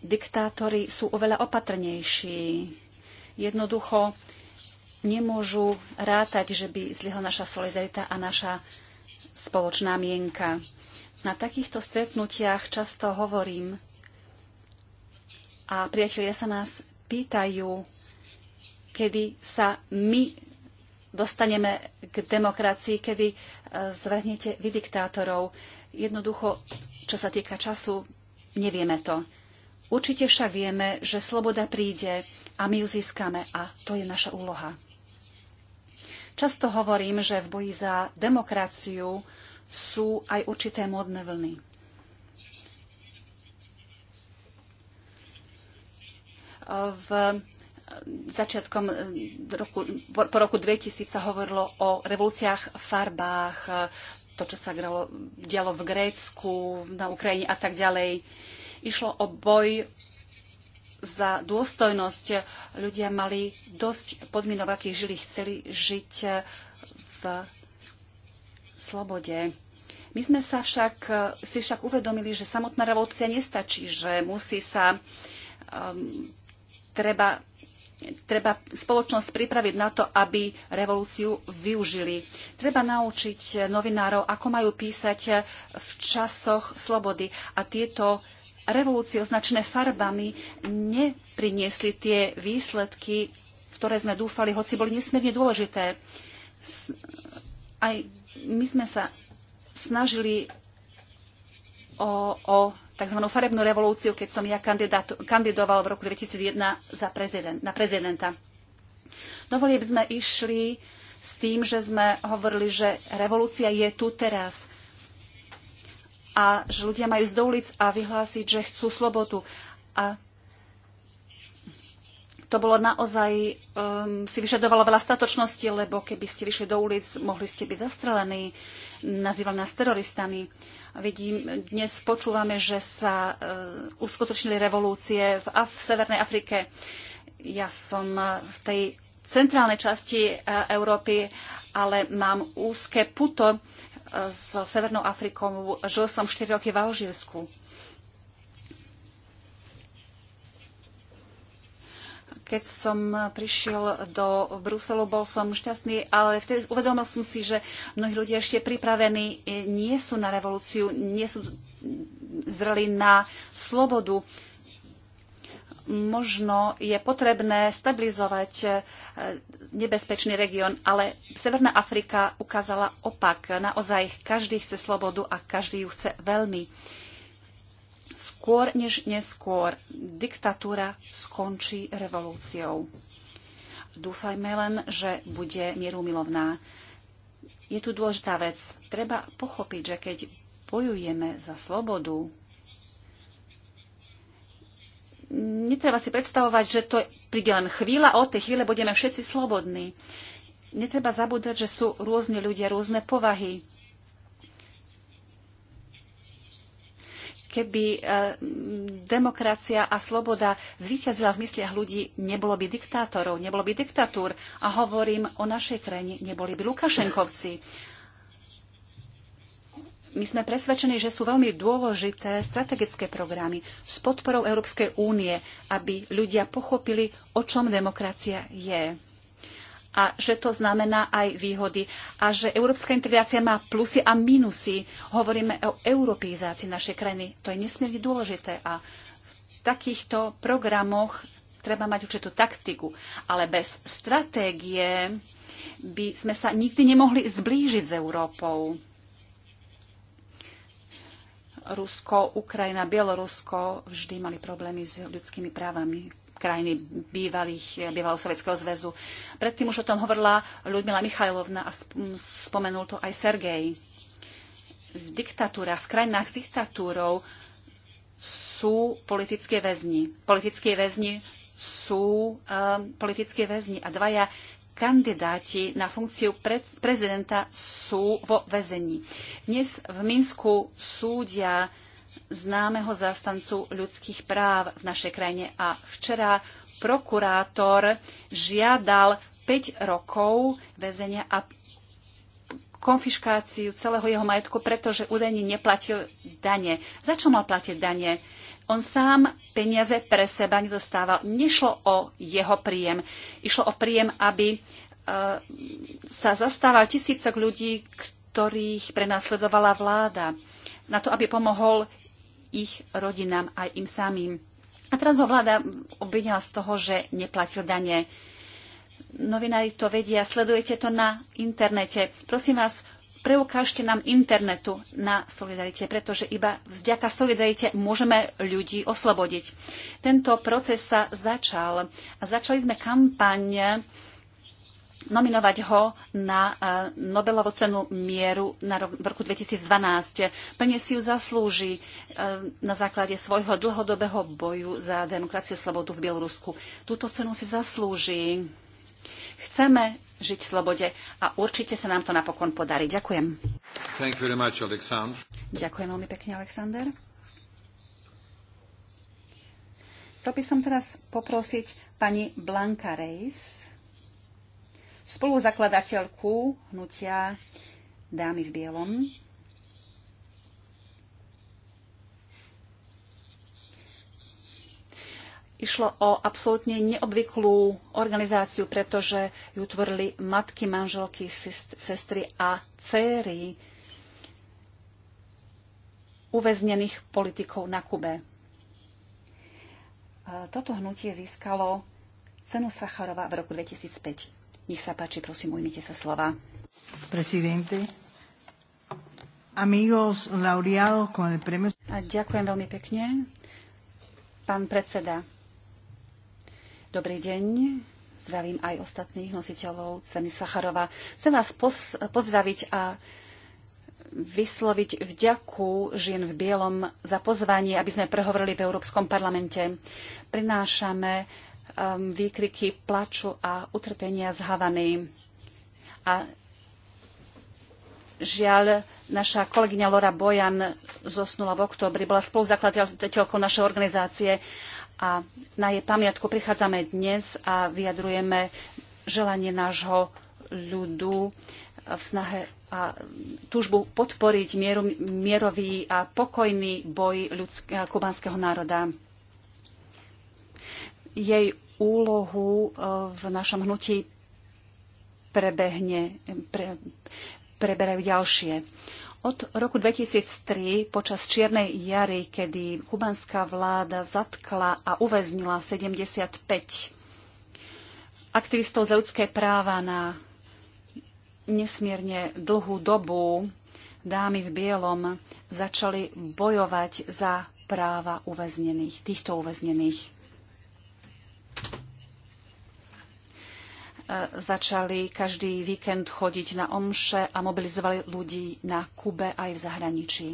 diktátori sú oveľa opatrnejší. Jednoducho nemôžu rátať, že by zlyhla naša solidarita a naša spoločná mienka. Na takýchto stretnutiach často hovorím a priatelia sa nás pýtajú, kedy sa my dostaneme k demokracii, kedy e, zvrhnete vy diktátorov. Jednoducho, čo sa týka času, nevieme to. Určite však vieme, že sloboda príde a my ju získame a to je naša úloha. Často hovorím, že v boji za demokraciu sú aj určité modné vlny. V začiatkom roku, po roku 2000 sa hovorilo o revolúciách, farbách, to, čo sa dialo v Grécku, na Ukrajine a tak ďalej. Išlo o boj za dôstojnosť. Ľudia mali dosť podmienok, akých žili. Chceli žiť v slobode. My sme sa však, si však uvedomili, že samotná revolúcia nestačí, že musí sa um, treba treba spoločnosť pripraviť na to, aby revolúciu využili. Treba naučiť novinárov, ako majú písať v časoch slobody. A tieto revolúcie označené farbami nepriniesli tie výsledky, v ktoré sme dúfali, hoci boli nesmierne dôležité. Aj my sme sa snažili o, o tzv. farebnú revolúciu, keď som ja kandidoval v roku 2001 za prezident, na prezidenta. Do volieb sme išli s tým, že sme hovorili, že revolúcia je tu teraz a že ľudia majú ísť do ulic a vyhlásiť, že chcú slobodu. A to bolo naozaj, um, si vyžadovalo veľa statočnosti, lebo keby ste vyšli do ulic, mohli ste byť zastrelení, nazývali nás teroristami. Vidím, dnes počúvame, že sa uh, uskutočnili revolúcie v, Af- v Severnej Afrike. Ja som uh, v tej centrálnej časti uh, Európy, ale mám úzke puto so Severnou Afrikou. Žil som 4 roky v Alžírsku. Keď som prišiel do Bruselu, bol som šťastný, ale vtedy uvedomil som si, že mnohí ľudia ešte pripravení nie sú na revolúciu, nie sú zreli na slobodu možno je potrebné stabilizovať e, nebezpečný región, ale Severná Afrika ukázala opak. Naozaj každý chce slobodu a každý ju chce veľmi. Skôr než neskôr diktatúra skončí revolúciou. Dúfajme len, že bude mierumilovná. Je tu dôležitá vec. Treba pochopiť, že keď bojujeme za slobodu, netreba si predstavovať, že to príde len chvíľa, od tej chvíle budeme všetci slobodní. Netreba zabúdať, že sú rôzne ľudia, rôzne povahy. Keby eh, demokracia a sloboda zvíťazila v mysliach ľudí, nebolo by diktátorov, nebolo by diktatúr. A hovorím o našej krajine, neboli by Lukašenkovci. My sme presvedčení, že sú veľmi dôležité strategické programy s podporou Európskej únie, aby ľudia pochopili, o čom demokracia je. A že to znamená aj výhody. A že európska integrácia má plusy a minusy. Hovoríme o europeizácii našej krajiny. To je nesmierne dôležité. A v takýchto programoch treba mať určitú taktiku. Ale bez stratégie by sme sa nikdy nemohli zblížiť s Európou Rusko, Ukrajina, Bielorusko vždy mali problémy s ľudskými právami krajiny bývalých, bývalého Sovjetského zväzu. Predtým už o tom hovorila Ľudmila Michajlovna a spomenul to aj Sergej. V diktatúrach, v krajinách s diktatúrou sú politické väzni. Politické väzni sú um, politické väzni a dvaja kandidáti na funkciu prezidenta sú vo väzení. Dnes v Minsku súdia známeho zástancu ľudských práv v našej krajine a včera prokurátor žiadal 5 rokov väzenia a konfiškáciu celého jeho majetku, pretože údajne neplatil dane. Za čo mal platiť dane? On sám peniaze pre seba nedostával. Nešlo o jeho príjem. Išlo o príjem, aby e, sa zastával tisícok ľudí, ktorých prenasledovala vláda, na to, aby pomohol ich rodinám aj im samým. A teraz ho vláda obvinila z toho, že neplatil dane. Novinári to vedia, sledujete to na internete. Prosím vás, preukážte nám internetu na solidarite, pretože iba vďaka solidarite môžeme ľudí oslobodiť. Tento proces sa začal a začali sme kampaň nominovať ho na e, Nobelovú cenu mieru na rok, v roku 2012. Plne si ju zaslúži e, na základe svojho dlhodobého boju za demokraciu a slobodu v Bielorusku. Túto cenu si zaslúži. Chceme žiť v slobode a určite sa nám to napokon podarí. Ďakujem. Much, Ďakujem veľmi pekne, Alexander. Chcel by som teraz poprosiť pani Blanka Reis, spoluzakladateľku hnutia Dámy v bielom, Išlo o absolútne neobvyklú organizáciu, pretože ju tvorili matky, manželky, sestry a céry uväznených politikov na Kube. Toto hnutie získalo cenu Sacharova v roku 2005. Nech sa páči, prosím, ujmite sa slova. Presidente, amigos laureados con el premio... ďakujem veľmi pekne. Pán predseda, Dobrý deň. Zdravím aj ostatných nositeľov ceny Sacharova. Chcem vás pozdraviť a vysloviť vďaku žien v bielom za pozvanie, aby sme prehovorili v Európskom parlamente. Prinášame um, výkriky plaču a utrpenia z Havany. A žiaľ, naša kolegyňa Lora Bojan zosnula v oktobri, bola spoluzakladateľkou našej organizácie a na jej pamiatku prichádzame dnes a vyjadrujeme želanie nášho ľudu v snahe a túžbu podporiť mieru, mierový a pokojný boj ľudského kubanského národa. Jej úlohu e, v našom hnutí prebehne, pre, preberajú ďalšie. Od roku 2003 počas Čiernej jary, kedy kubanská vláda zatkla a uväznila 75 aktivistov za ľudské práva na nesmierne dlhú dobu, dámy v bielom začali bojovať za práva uväznených, týchto uväznených. E, začali každý víkend chodiť na omše a mobilizovali ľudí na Kube aj v zahraničí.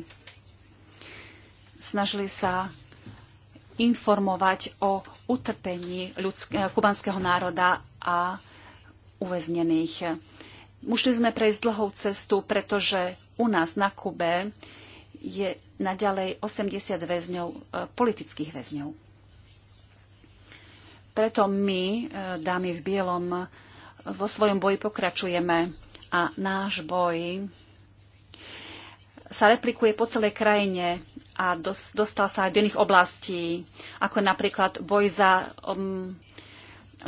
Snažili sa informovať o utrpení ľudské, e, kubanského národa a uväznených. Museli sme prejsť dlhou cestu, pretože u nás na Kube je naďalej 80 väzňov, e, politických väzňov. Preto my, dámy v bielom, vo svojom boji pokračujeme a náš boj sa replikuje po celej krajine a dostal sa aj do iných oblastí, ako napríklad boj za um,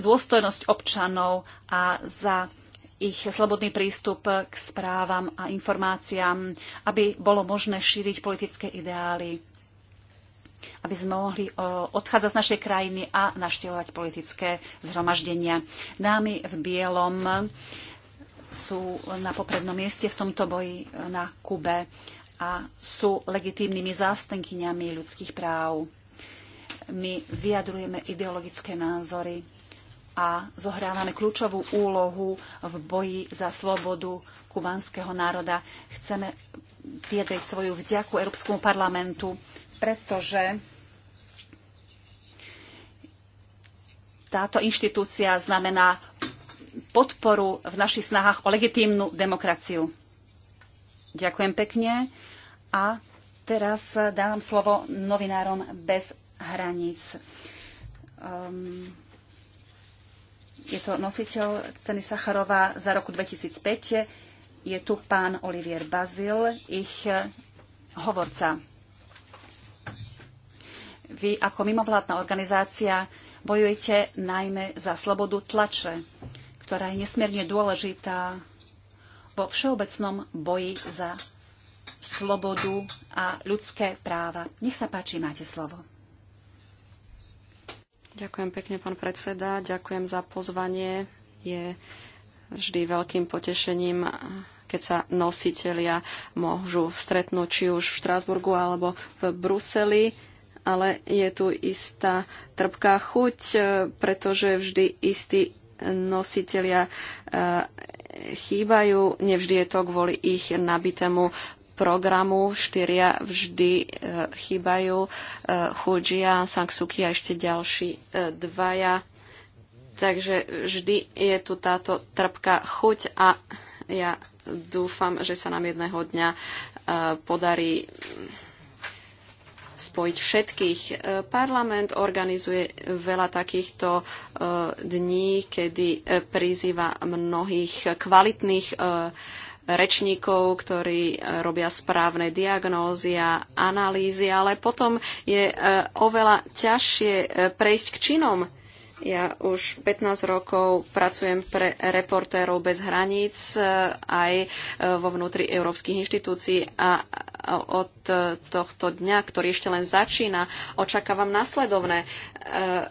dôstojnosť občanov a za ich slobodný prístup k správam a informáciám, aby bolo možné šíriť politické ideály aby sme mohli odchádzať z našej krajiny a naštevovať politické zhromaždenia. Dámy v bielom sú na poprednom mieste v tomto boji e, na Kube a sú legitímnymi zástenkyňami ľudských práv. My vyjadrujeme ideologické názory a zohrávame kľúčovú úlohu v boji za slobodu kubanského národa. Chceme vyjadriť svoju vďaku Európskemu parlamentu pretože táto inštitúcia znamená podporu v našich snahách o legitímnu demokraciu. Ďakujem pekne a teraz dávam slovo novinárom bez hraníc. Um, je to nositeľ ceny Sacharova za roku 2005. Je tu pán Olivier Bazil, ich hovorca. Vy ako mimovládna organizácia bojujete najmä za slobodu tlače, ktorá je nesmierne dôležitá vo všeobecnom boji za slobodu a ľudské práva. Nech sa páči, máte slovo. Ďakujem pekne, pán predseda. Ďakujem za pozvanie. Je vždy veľkým potešením, keď sa nositelia môžu stretnúť či už v Štrásburgu alebo v Bruseli ale je tu istá trpká chuť, e, pretože vždy istí nositeľia e, chýbajú. Nevždy je to kvôli ich nabitému programu. Štyria vždy e, chýbajú. Chudžia, Sanksuki a ešte ďalší dvaja. Takže vždy je tu táto trpká chuť a ja dúfam, že sa nám jedného dňa podarí spojiť všetkých. E, parlament organizuje veľa takýchto e, dní, kedy e, prizýva mnohých kvalitných rečníkov, ktorí robia správne diagnózy a analýzy, ale potom je oveľa ťažšie prejsť k činom. Ja už 15 rokov pracujem pre reportérov bez hraníc aj vo vnútri európskych inštitúcií a od e, tohto dňa, ktorý ešte len začína, očakávam nasledovné. E,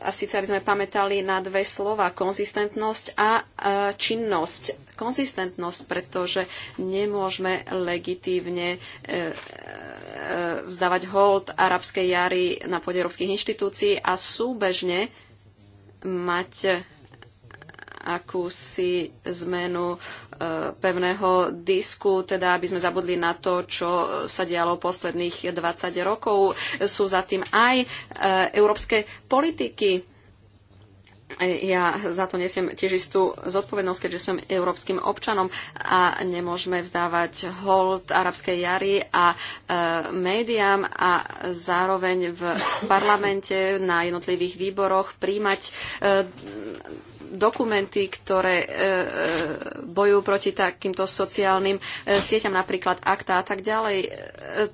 a síce, aby sme pamätali na dve slova, konzistentnosť a e, činnosť. Konzistentnosť, pretože nemôžeme legitívne vzdávať hold arabskej jary na pôde európskych inštitúcií a súbežne mať akúsi zmenu e, pevného disku, teda aby sme zabudli na to, čo sa dialo posledných 20 rokov. Sú za tým aj e, európske politiky. E, ja za to nesiem tiež istú zodpovednosť, keďže som európskym občanom a nemôžeme vzdávať hold arabskej jary a e, médiám a zároveň v parlamente na jednotlivých výboroch príjmať e, dokumenty, ktoré e, e, bojujú proti takýmto sociálnym e, sieťam, napríklad akta a tak ďalej.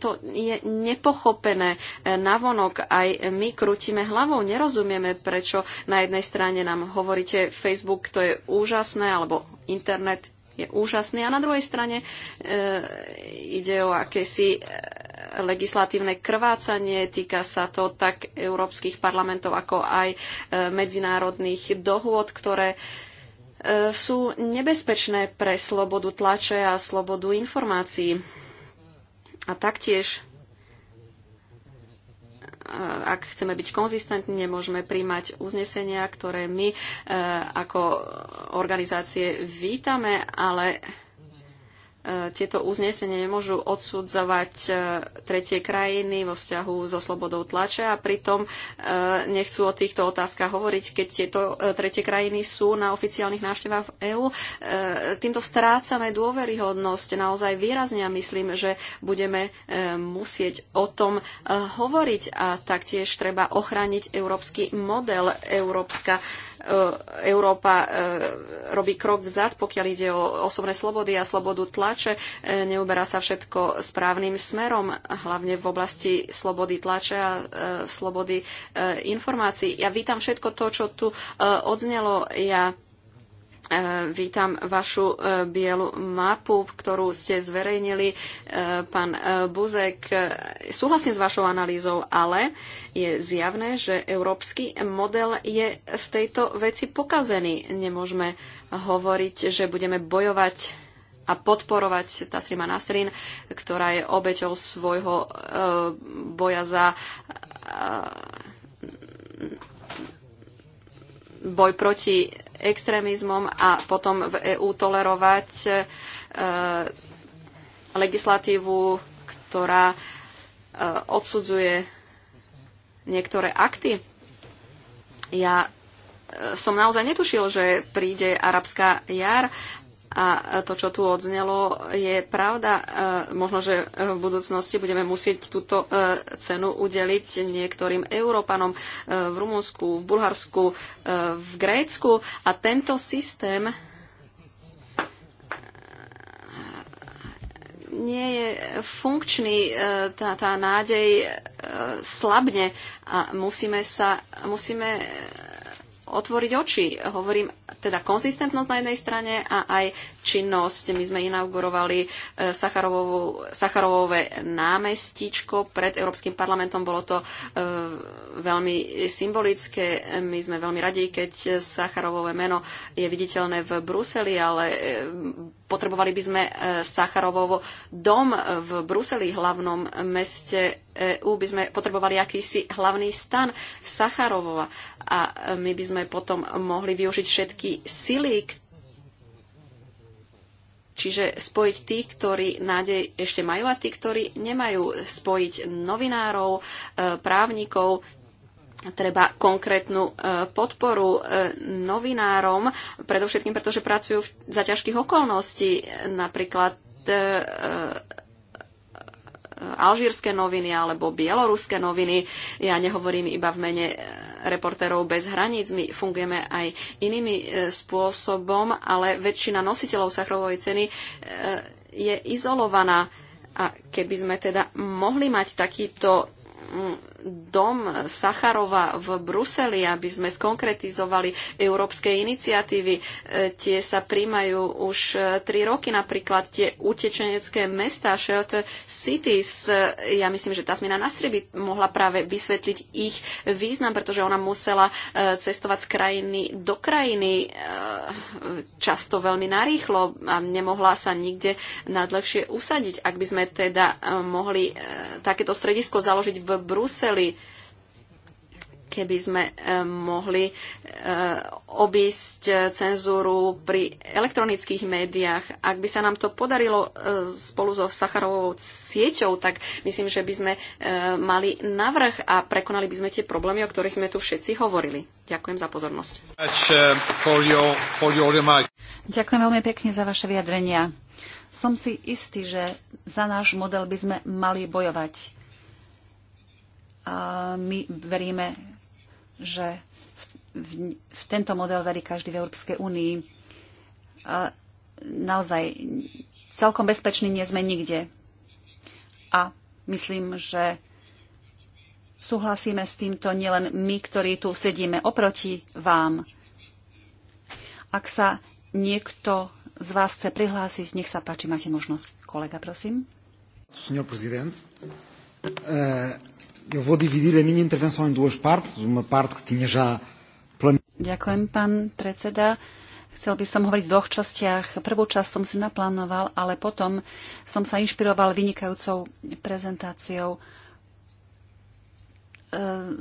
To je nepochopené navonok. Aj my krútime, hlavou, nerozumieme, prečo na jednej strane nám hovoríte Facebook, to je úžasné, alebo internet je úžasný. A na druhej strane e, ide o akési e, legislatívne krvácanie, týka sa to tak európskych parlamentov, ako aj e, medzinárodných dohôd, ktoré e, sú nebezpečné pre slobodu tlače a slobodu informácií. A taktiež ak chceme byť konzistentní, nemôžeme príjmať uznesenia, ktoré my e, ako organizácie vítame, ale E, tieto uznesenia nemôžu odsudzovať e, tretie krajiny vo vzťahu so slobodou tlače a pritom e, nechcú o týchto otázkach hovoriť, keď tieto tretie krajiny sú na oficiálnych návštevách v EÚ. Týmto strácame dôveryhodnosť naozaj výrazne a myslím, že budeme musieť o tom hovoriť a taktiež treba ochrániť európsky model, európska E, Európa e, robí krok vzad, pokiaľ ide o osobné slobody a slobodu tlače. E, neuberá sa všetko správnym smerom, hlavne v oblasti slobody tlače a slobody informácií. Ja vítam všetko to, čo tu odznelo. Ja E, vítam vašu e, bielu mapu, ktorú ste zverejnili, e, pán Buzek. Súhlasím s vašou analýzou, ale je zjavné, že európsky model je v tejto veci pokazený. Nemôžeme hovoriť, že budeme bojovať a podporovať Tasrima Nasrin, ktorá je obeťou svojho boja za boj proti extrémizmom a potom v EÚ tolerovať e, legislatívu, ktorá e, odsudzuje niektoré akty. Ja e, som naozaj netušil, že príde arabská jar a to, čo tu odznelo, je pravda. E, možno, že e, v budúcnosti budeme musieť túto e, cenu udeliť niektorým Európanom v Rumunsku, v Bulharsku, v Grécku. A tento systém nie je funkčný, tá, tá nádej slabne a musíme sa, musíme otvoriť oči. Hovorím teda konzistentnosť na jednej strane a aj činnosť. My sme inaugurovali e, Sacharovové námestičko pred Európskym parlamentom. Bolo to e, veľmi symbolické. My sme veľmi radi, keď Sacharovové meno je viditeľné v Bruseli, ale e, potrebovali by sme Sacharovovo dom v Bruseli, hlavnom meste EU, by sme potrebovali akýsi hlavný stan Sacharovova a my by sme potom mohli využiť všetky sily, Čiže spojiť tých, ktorí nádej ešte majú a tí, ktorí nemajú. Spojiť novinárov, e, právnikov, treba konkrétnu e, podporu e, novinárom, predovšetkým pretože pracujú za ťažkých okolností, napríklad alžírske noviny alebo bieloruské noviny. Ja nehovorím iba v mene e, reportérov bez hraníc, my fungujeme aj inými e, spôsobom, ale väčšina nositeľov Sachrovovej ceny e, je izolovaná. A keby sme teda mohli mať takýto mm, dom Sacharova v Bruseli, aby sme skonkretizovali európske iniciatívy. E, tie sa príjmajú už e, tri roky, napríklad tie utečenecké mesta Shelter Cities. E, ja myslím, že Tasmina Nasri by mohla práve vysvetliť ich význam, pretože ona musela cestovať z krajiny do krajiny často veľmi narýchlo a nemohla sa nikde nadlhšie usadiť. Ak by sme teda mohli takéto stredisko založiť v Bruseli, museli, keby sme eh, mohli eh, obísť eh, cenzúru pri elektronických médiách. Ak by sa nám to podarilo spolu so Sacharovou sieťou, tak myslím, že by sme mali navrh a prekonali by sme tie problémy, o ktorých sme tu všetci hovorili. Ďakujem za pozornosť. Ďakujem veľmi pekne za vaše vyjadrenia. Som si istý, že za náš model by sme mali bojovať a my veríme, že v, v tento model verí každý v Európskej únii. A naozaj celkom bezpečný nie sme nikde. A myslím, že súhlasíme s týmto nielen my, ktorí tu sedíme oproti vám. Ak sa niekto z vás chce prihlásiť, nech sa páči, máte možnosť. Kolega, prosím. Senhor prezident, eh, Eu vou dividir a minha intervenção em duas partes. Uma parte que tinha já Ďakujem, pán predseda. Chcel by som hovoriť v dvoch častiach. Prvú časť som si naplánoval, ale potom som sa inšpiroval vynikajúcou prezentáciou e,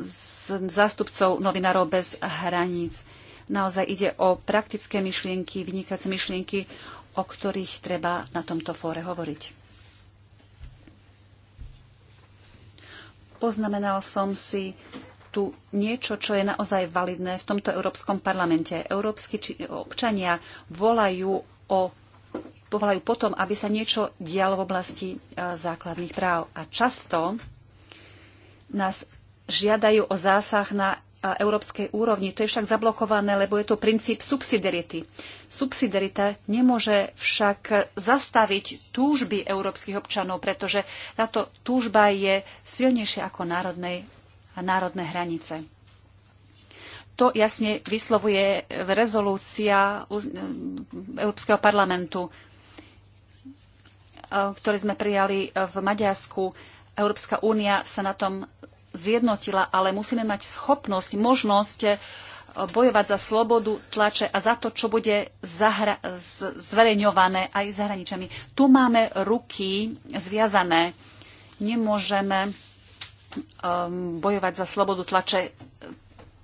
s zástupcov novinárov bez hraníc. Naozaj ide o praktické myšlienky, vynikajúce myšlienky, o ktorých treba na tomto fóre hovoriť. Poznamenal som si tu niečo, čo je naozaj validné v tomto Európskom parlamente. Európsky či, občania volajú, o, volajú potom, aby sa niečo dialo v oblasti e, základných práv. A často nás žiadajú o zásah na európskej úrovni. To je však zablokované, lebo je to princíp subsidiarity. Subsidiarita nemôže však zastaviť túžby európskych občanov, pretože táto túžba je silnejšia ako národnej, národné hranice. To jasne vyslovuje rezolúcia Európskeho parlamentu, ktoré sme prijali v Maďarsku. Európska únia sa na tom zjednotila, ale musíme mať schopnosť, možnosť eh, bojovať za slobodu tlače a za to, čo bude zverejňované aj zahraničami. Tu máme ruky zviazané. Nemôžeme um, bojovať za slobodu tlače eh,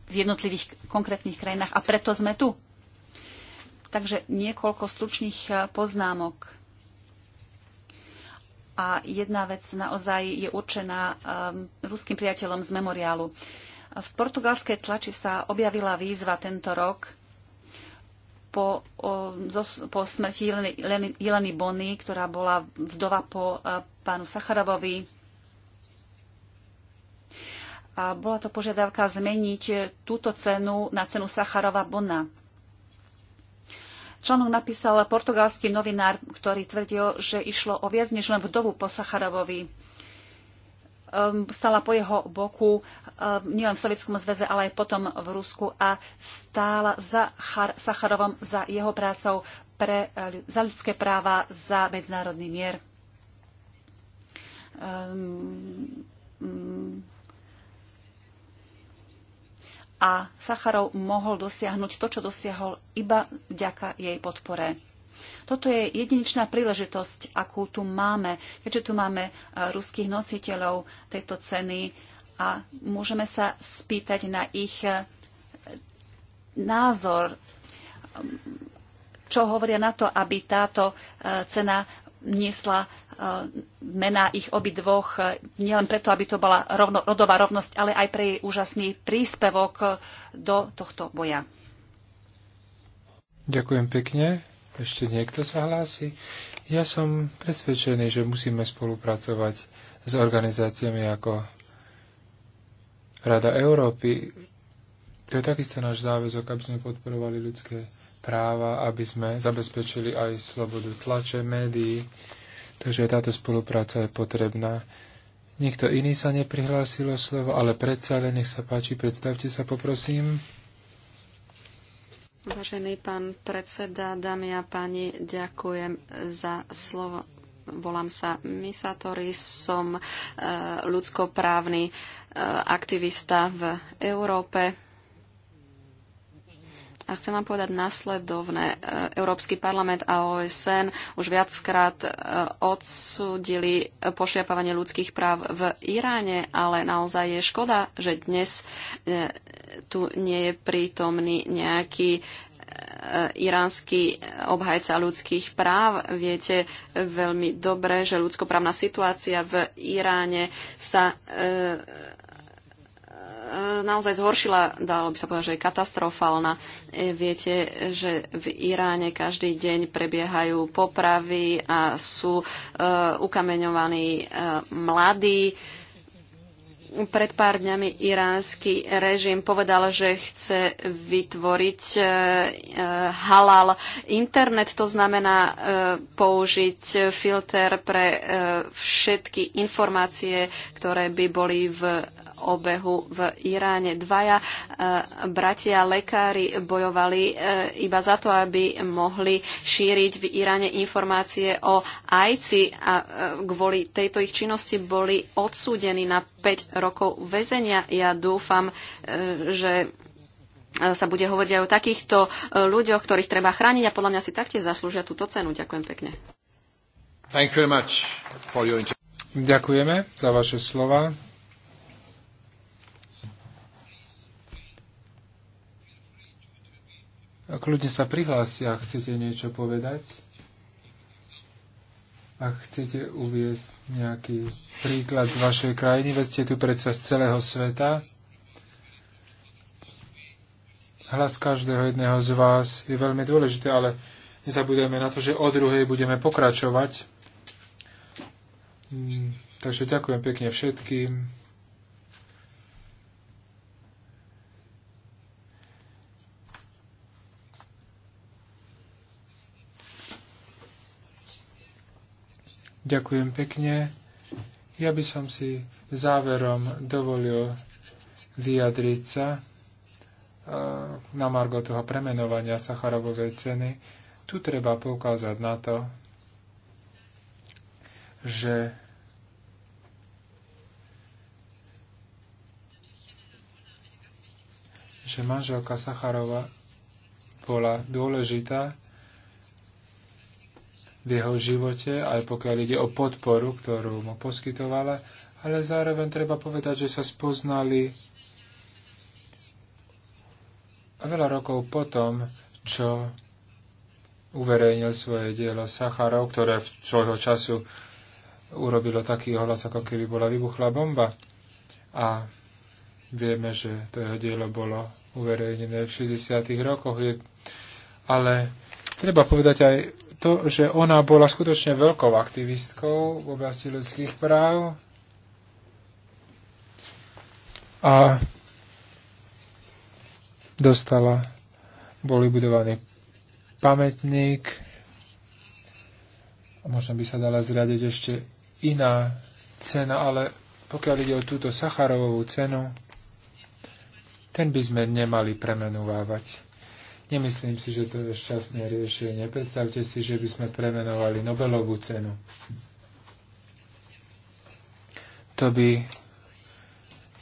v jednotlivých konkrétnych krajinách a preto sme tu. Takže niekoľko stručných eh, poznámok a jedna vec naozaj je určená um, ruským priateľom z memoriálu. V portugalskej tlači sa objavila výzva tento rok po, o, zo, po smrti Jeleny, Bony, ktorá bola vdova po a, uh, pánu Sacharovovi. A bola to požiadavka zmeniť túto cenu na cenu Sacharova Bona Článok napísal portugalský novinár, ktorý tvrdil, že išlo o viac než len vdovu po Sacharovovi. Ehm, stala po jeho boku ehm, nielen v Sovjetskom zväze, ale aj potom v Rusku a stála za Sacharovom, za jeho prácou pre, e, za ľudské práva, za medzinárodný mier. Um, um, a Sacharov mohol dosiahnuť to, čo dosiahol iba vďaka jej podpore. Toto je jedinečná príležitosť, akú tu máme, keďže tu máme e, ruských nositeľov tejto ceny a môžeme sa spýtať na ich e, názor, čo hovoria na to, aby táto e, cena niesla e, mená ich obidvoch, e, nielen preto, aby to bola rovno, rodová rovnosť, ale aj pre jej úžasný príspevok e, do tohto boja. Ďakujem pekne. Ešte niekto sa hlási? Ja som presvedčený, že musíme spolupracovať s organizáciami ako Rada Európy. To je takisto náš záväzok, aby sme podporovali ľudské práva, aby sme zabezpečili aj slobodu tlače, médií. Takže táto spolupráca je potrebná. Niekto iný sa neprihlásil o slovo, ale predsa len nech sa páči, predstavte sa poprosím. Vážený pán predseda, dámy a páni, ďakujem za slovo. Volám sa Misatori, som eh, ľudskoprávny eh, aktivista v Európe a chcem vám povedať nasledovné. E, Európsky parlament a OSN už viackrát e, odsúdili pošliapávanie ľudských práv v Iráne, ale naozaj je škoda, že dnes e, tu nie je prítomný nejaký iránsky obhajca ľudských práv. Viete veľmi dobre, že ľudskoprávna situácia v Iráne sa e, E, naozaj zhoršila, dalo by sa povedať, že je katastrofálna. E, viete, že v Iráne každý deň prebiehajú popravy a sú e, ukameňovaní mladí. Pred pár dňami iránsky režim povedal, že chce vytvoriť halal internet, to znamená použiť filter pre všetky informácie, ktoré by boli v obehu v Iráne. Dvaja e, bratia lekári bojovali e, iba za to, aby mohli šíriť v Iráne informácie o ajci a e, kvôli tejto ich činnosti boli odsúdení na 5 rokov väzenia. Ja dúfam, že sa bude hovoriť aj o takýchto ľuďoch, ktorých treba chrániť a podľa mňa si taktiež zaslúžia túto cenu. Ďakujem pekne. Your... Ďakujeme za vaše slova. Ak ľudia sa prihlásia, chcete niečo povedať. Ak chcete uviezť nejaký príklad z vašej krajiny, veď ste tu predsa z celého sveta. Hlas každého jedného z vás je veľmi dôležité, ale nezabudujeme na to, že o druhej budeme pokračovať. Mm, takže ďakujem pekne všetkým. Ďakujem pekne. Ja by som si záverom dovolil vyjadriť sa e, na margo toho premenovania Sacharovovej ceny, tu treba poukázať na to, že že manželka Sacharova bola dôležitá v jeho živote, aj pokiaľ ide o podporu, ktorú mu poskytovala, ale zároveň treba povedať, že sa spoznali a veľa rokov potom, čo uverejnil svoje dielo Sacharov, ktoré v svojho času urobilo taký ohlas, ako keby bola vybuchla bomba. A vieme, že to jeho dielo bolo uverejnené v 60. rokoch. ale treba povedať aj to, že ona bola skutočne veľkou aktivistkou v oblasti ľudských práv a dostala, bol vybudovaný pamätník a možno by sa dala zriadiť ešte iná cena, ale pokiaľ ide o túto Sacharovovú cenu, ten by sme nemali premenúvávať. Nemyslím si, že to je šťastné riešenie. Predstavte si, že by sme premenovali Nobelovú cenu. To by...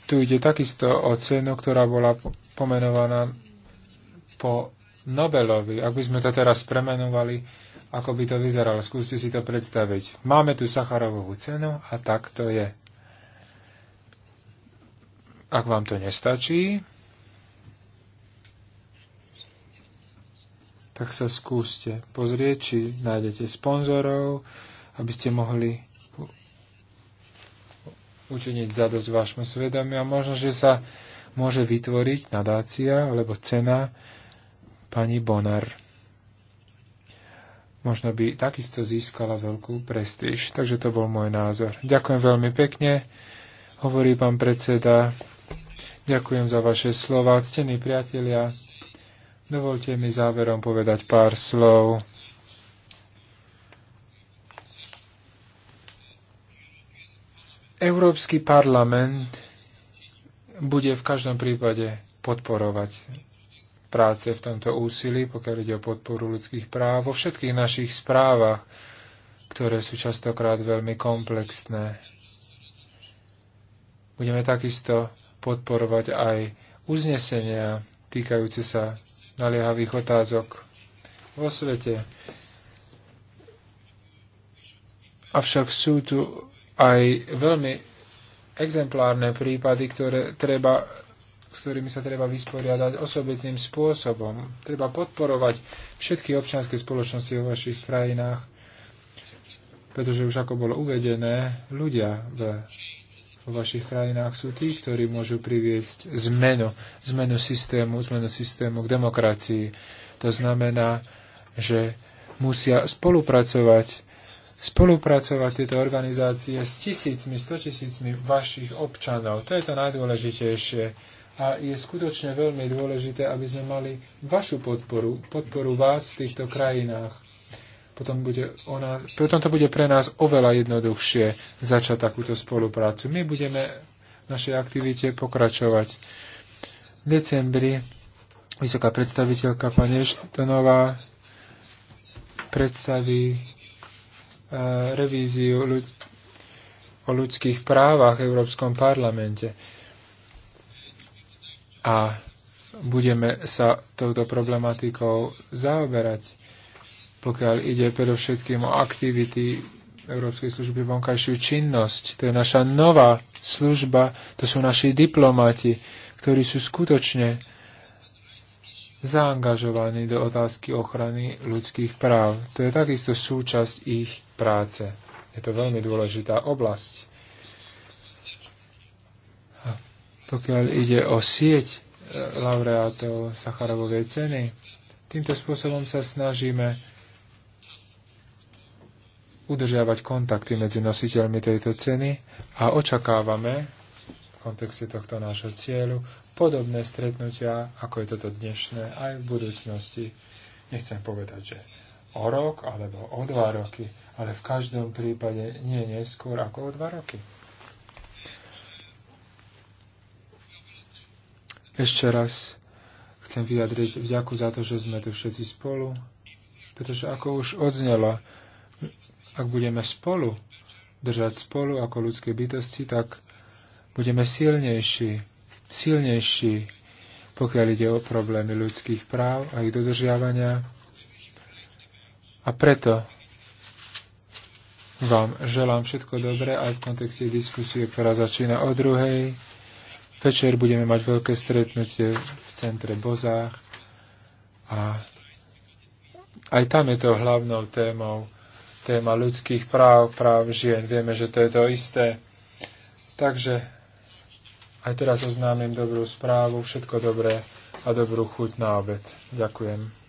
Tu ide takisto o cenu, ktorá bola pomenovaná po Nobelovi. Ak by sme to teraz premenovali, ako by to vyzeralo, skúste si to predstaviť. Máme tu Sacharovovú cenu a tak to je. Ak vám to nestačí, tak sa skúste pozrieť, či nájdete sponzorov, aby ste mohli učiniť zadosť vášmu svedomiu a možno, že sa môže vytvoriť nadácia alebo cena pani Bonar. Možno by takisto získala veľkú prestíž. Takže to bol môj názor. Ďakujem veľmi pekne, hovorí pán predseda. Ďakujem za vaše slova, ctení priatelia. Dovolte mi záverom povedať pár slov. Európsky parlament bude v každom prípade podporovať práce v tomto úsilí, pokiaľ ide o podporu ľudských práv, vo všetkých našich správach, ktoré sú častokrát veľmi komplexné. Budeme takisto podporovať aj uznesenia týkajúce sa naliehavých otázok vo svete. Avšak sú tu aj veľmi exemplárne prípady, ktoré treba, ktorými sa treba vysporiadať osobitným spôsobom. Treba podporovať všetky občianske spoločnosti vo vašich krajinách, pretože už ako bolo uvedené, ľudia v vo vašich krajinách sú tí, ktorí môžu priviesť zmenu, zmenu systému, zmenu systému k demokracii. To znamená, že musia spolupracovať, spolupracovať tieto organizácie s tisícmi, stotisícmi vašich občanov. To je to najdôležitejšie. A je skutočne veľmi dôležité, aby sme mali vašu podporu, podporu vás v týchto krajinách potom, bude ona, potom to bude pre nás oveľa jednoduchšie začať takúto spoluprácu. My budeme v našej aktivite pokračovať. V decembri vysoká predstaviteľka pani Eštonová predstaví e, revíziu ľud- o ľudských právach v Európskom parlamente. A budeme sa touto problematikou zaoberať pokiaľ ide predovšetkým o aktivity Európskej služby vonkajšiu činnosť. To je naša nová služba, to sú naši diplomati, ktorí sú skutočne zaangažovaní do otázky ochrany ľudských práv. To je takisto súčasť ich práce. Je to veľmi dôležitá oblasť. A pokiaľ ide o sieť eh, laureátov Sacharovovej ceny, týmto spôsobom sa snažíme udržiavať kontakty medzi nositeľmi tejto ceny a očakávame v kontexte tohto nášho cieľu podobné stretnutia, ako je toto dnešné, aj v budúcnosti. Nechcem povedať, že o rok alebo o dva roky, ale v každom prípade nie neskôr ako o dva roky. Ešte raz chcem vyjadriť vďaku za to, že sme tu všetci spolu, pretože ako už odznelo, ak budeme spolu držať spolu ako ľudské bytosti, tak budeme silnejší, silnejší, pokiaľ ide o problémy ľudských práv a ich dodržiavania. A preto vám želám všetko dobré aj v kontexte diskusie, ktorá začína o druhej. Večer budeme mať veľké stretnutie v centre Bozách a aj tam je to hlavnou témou téma ľudských práv, práv žien. Vieme, že to je to isté. Takže aj teraz oznámim dobrú správu, všetko dobré a dobrú chuť na obed. Ďakujem.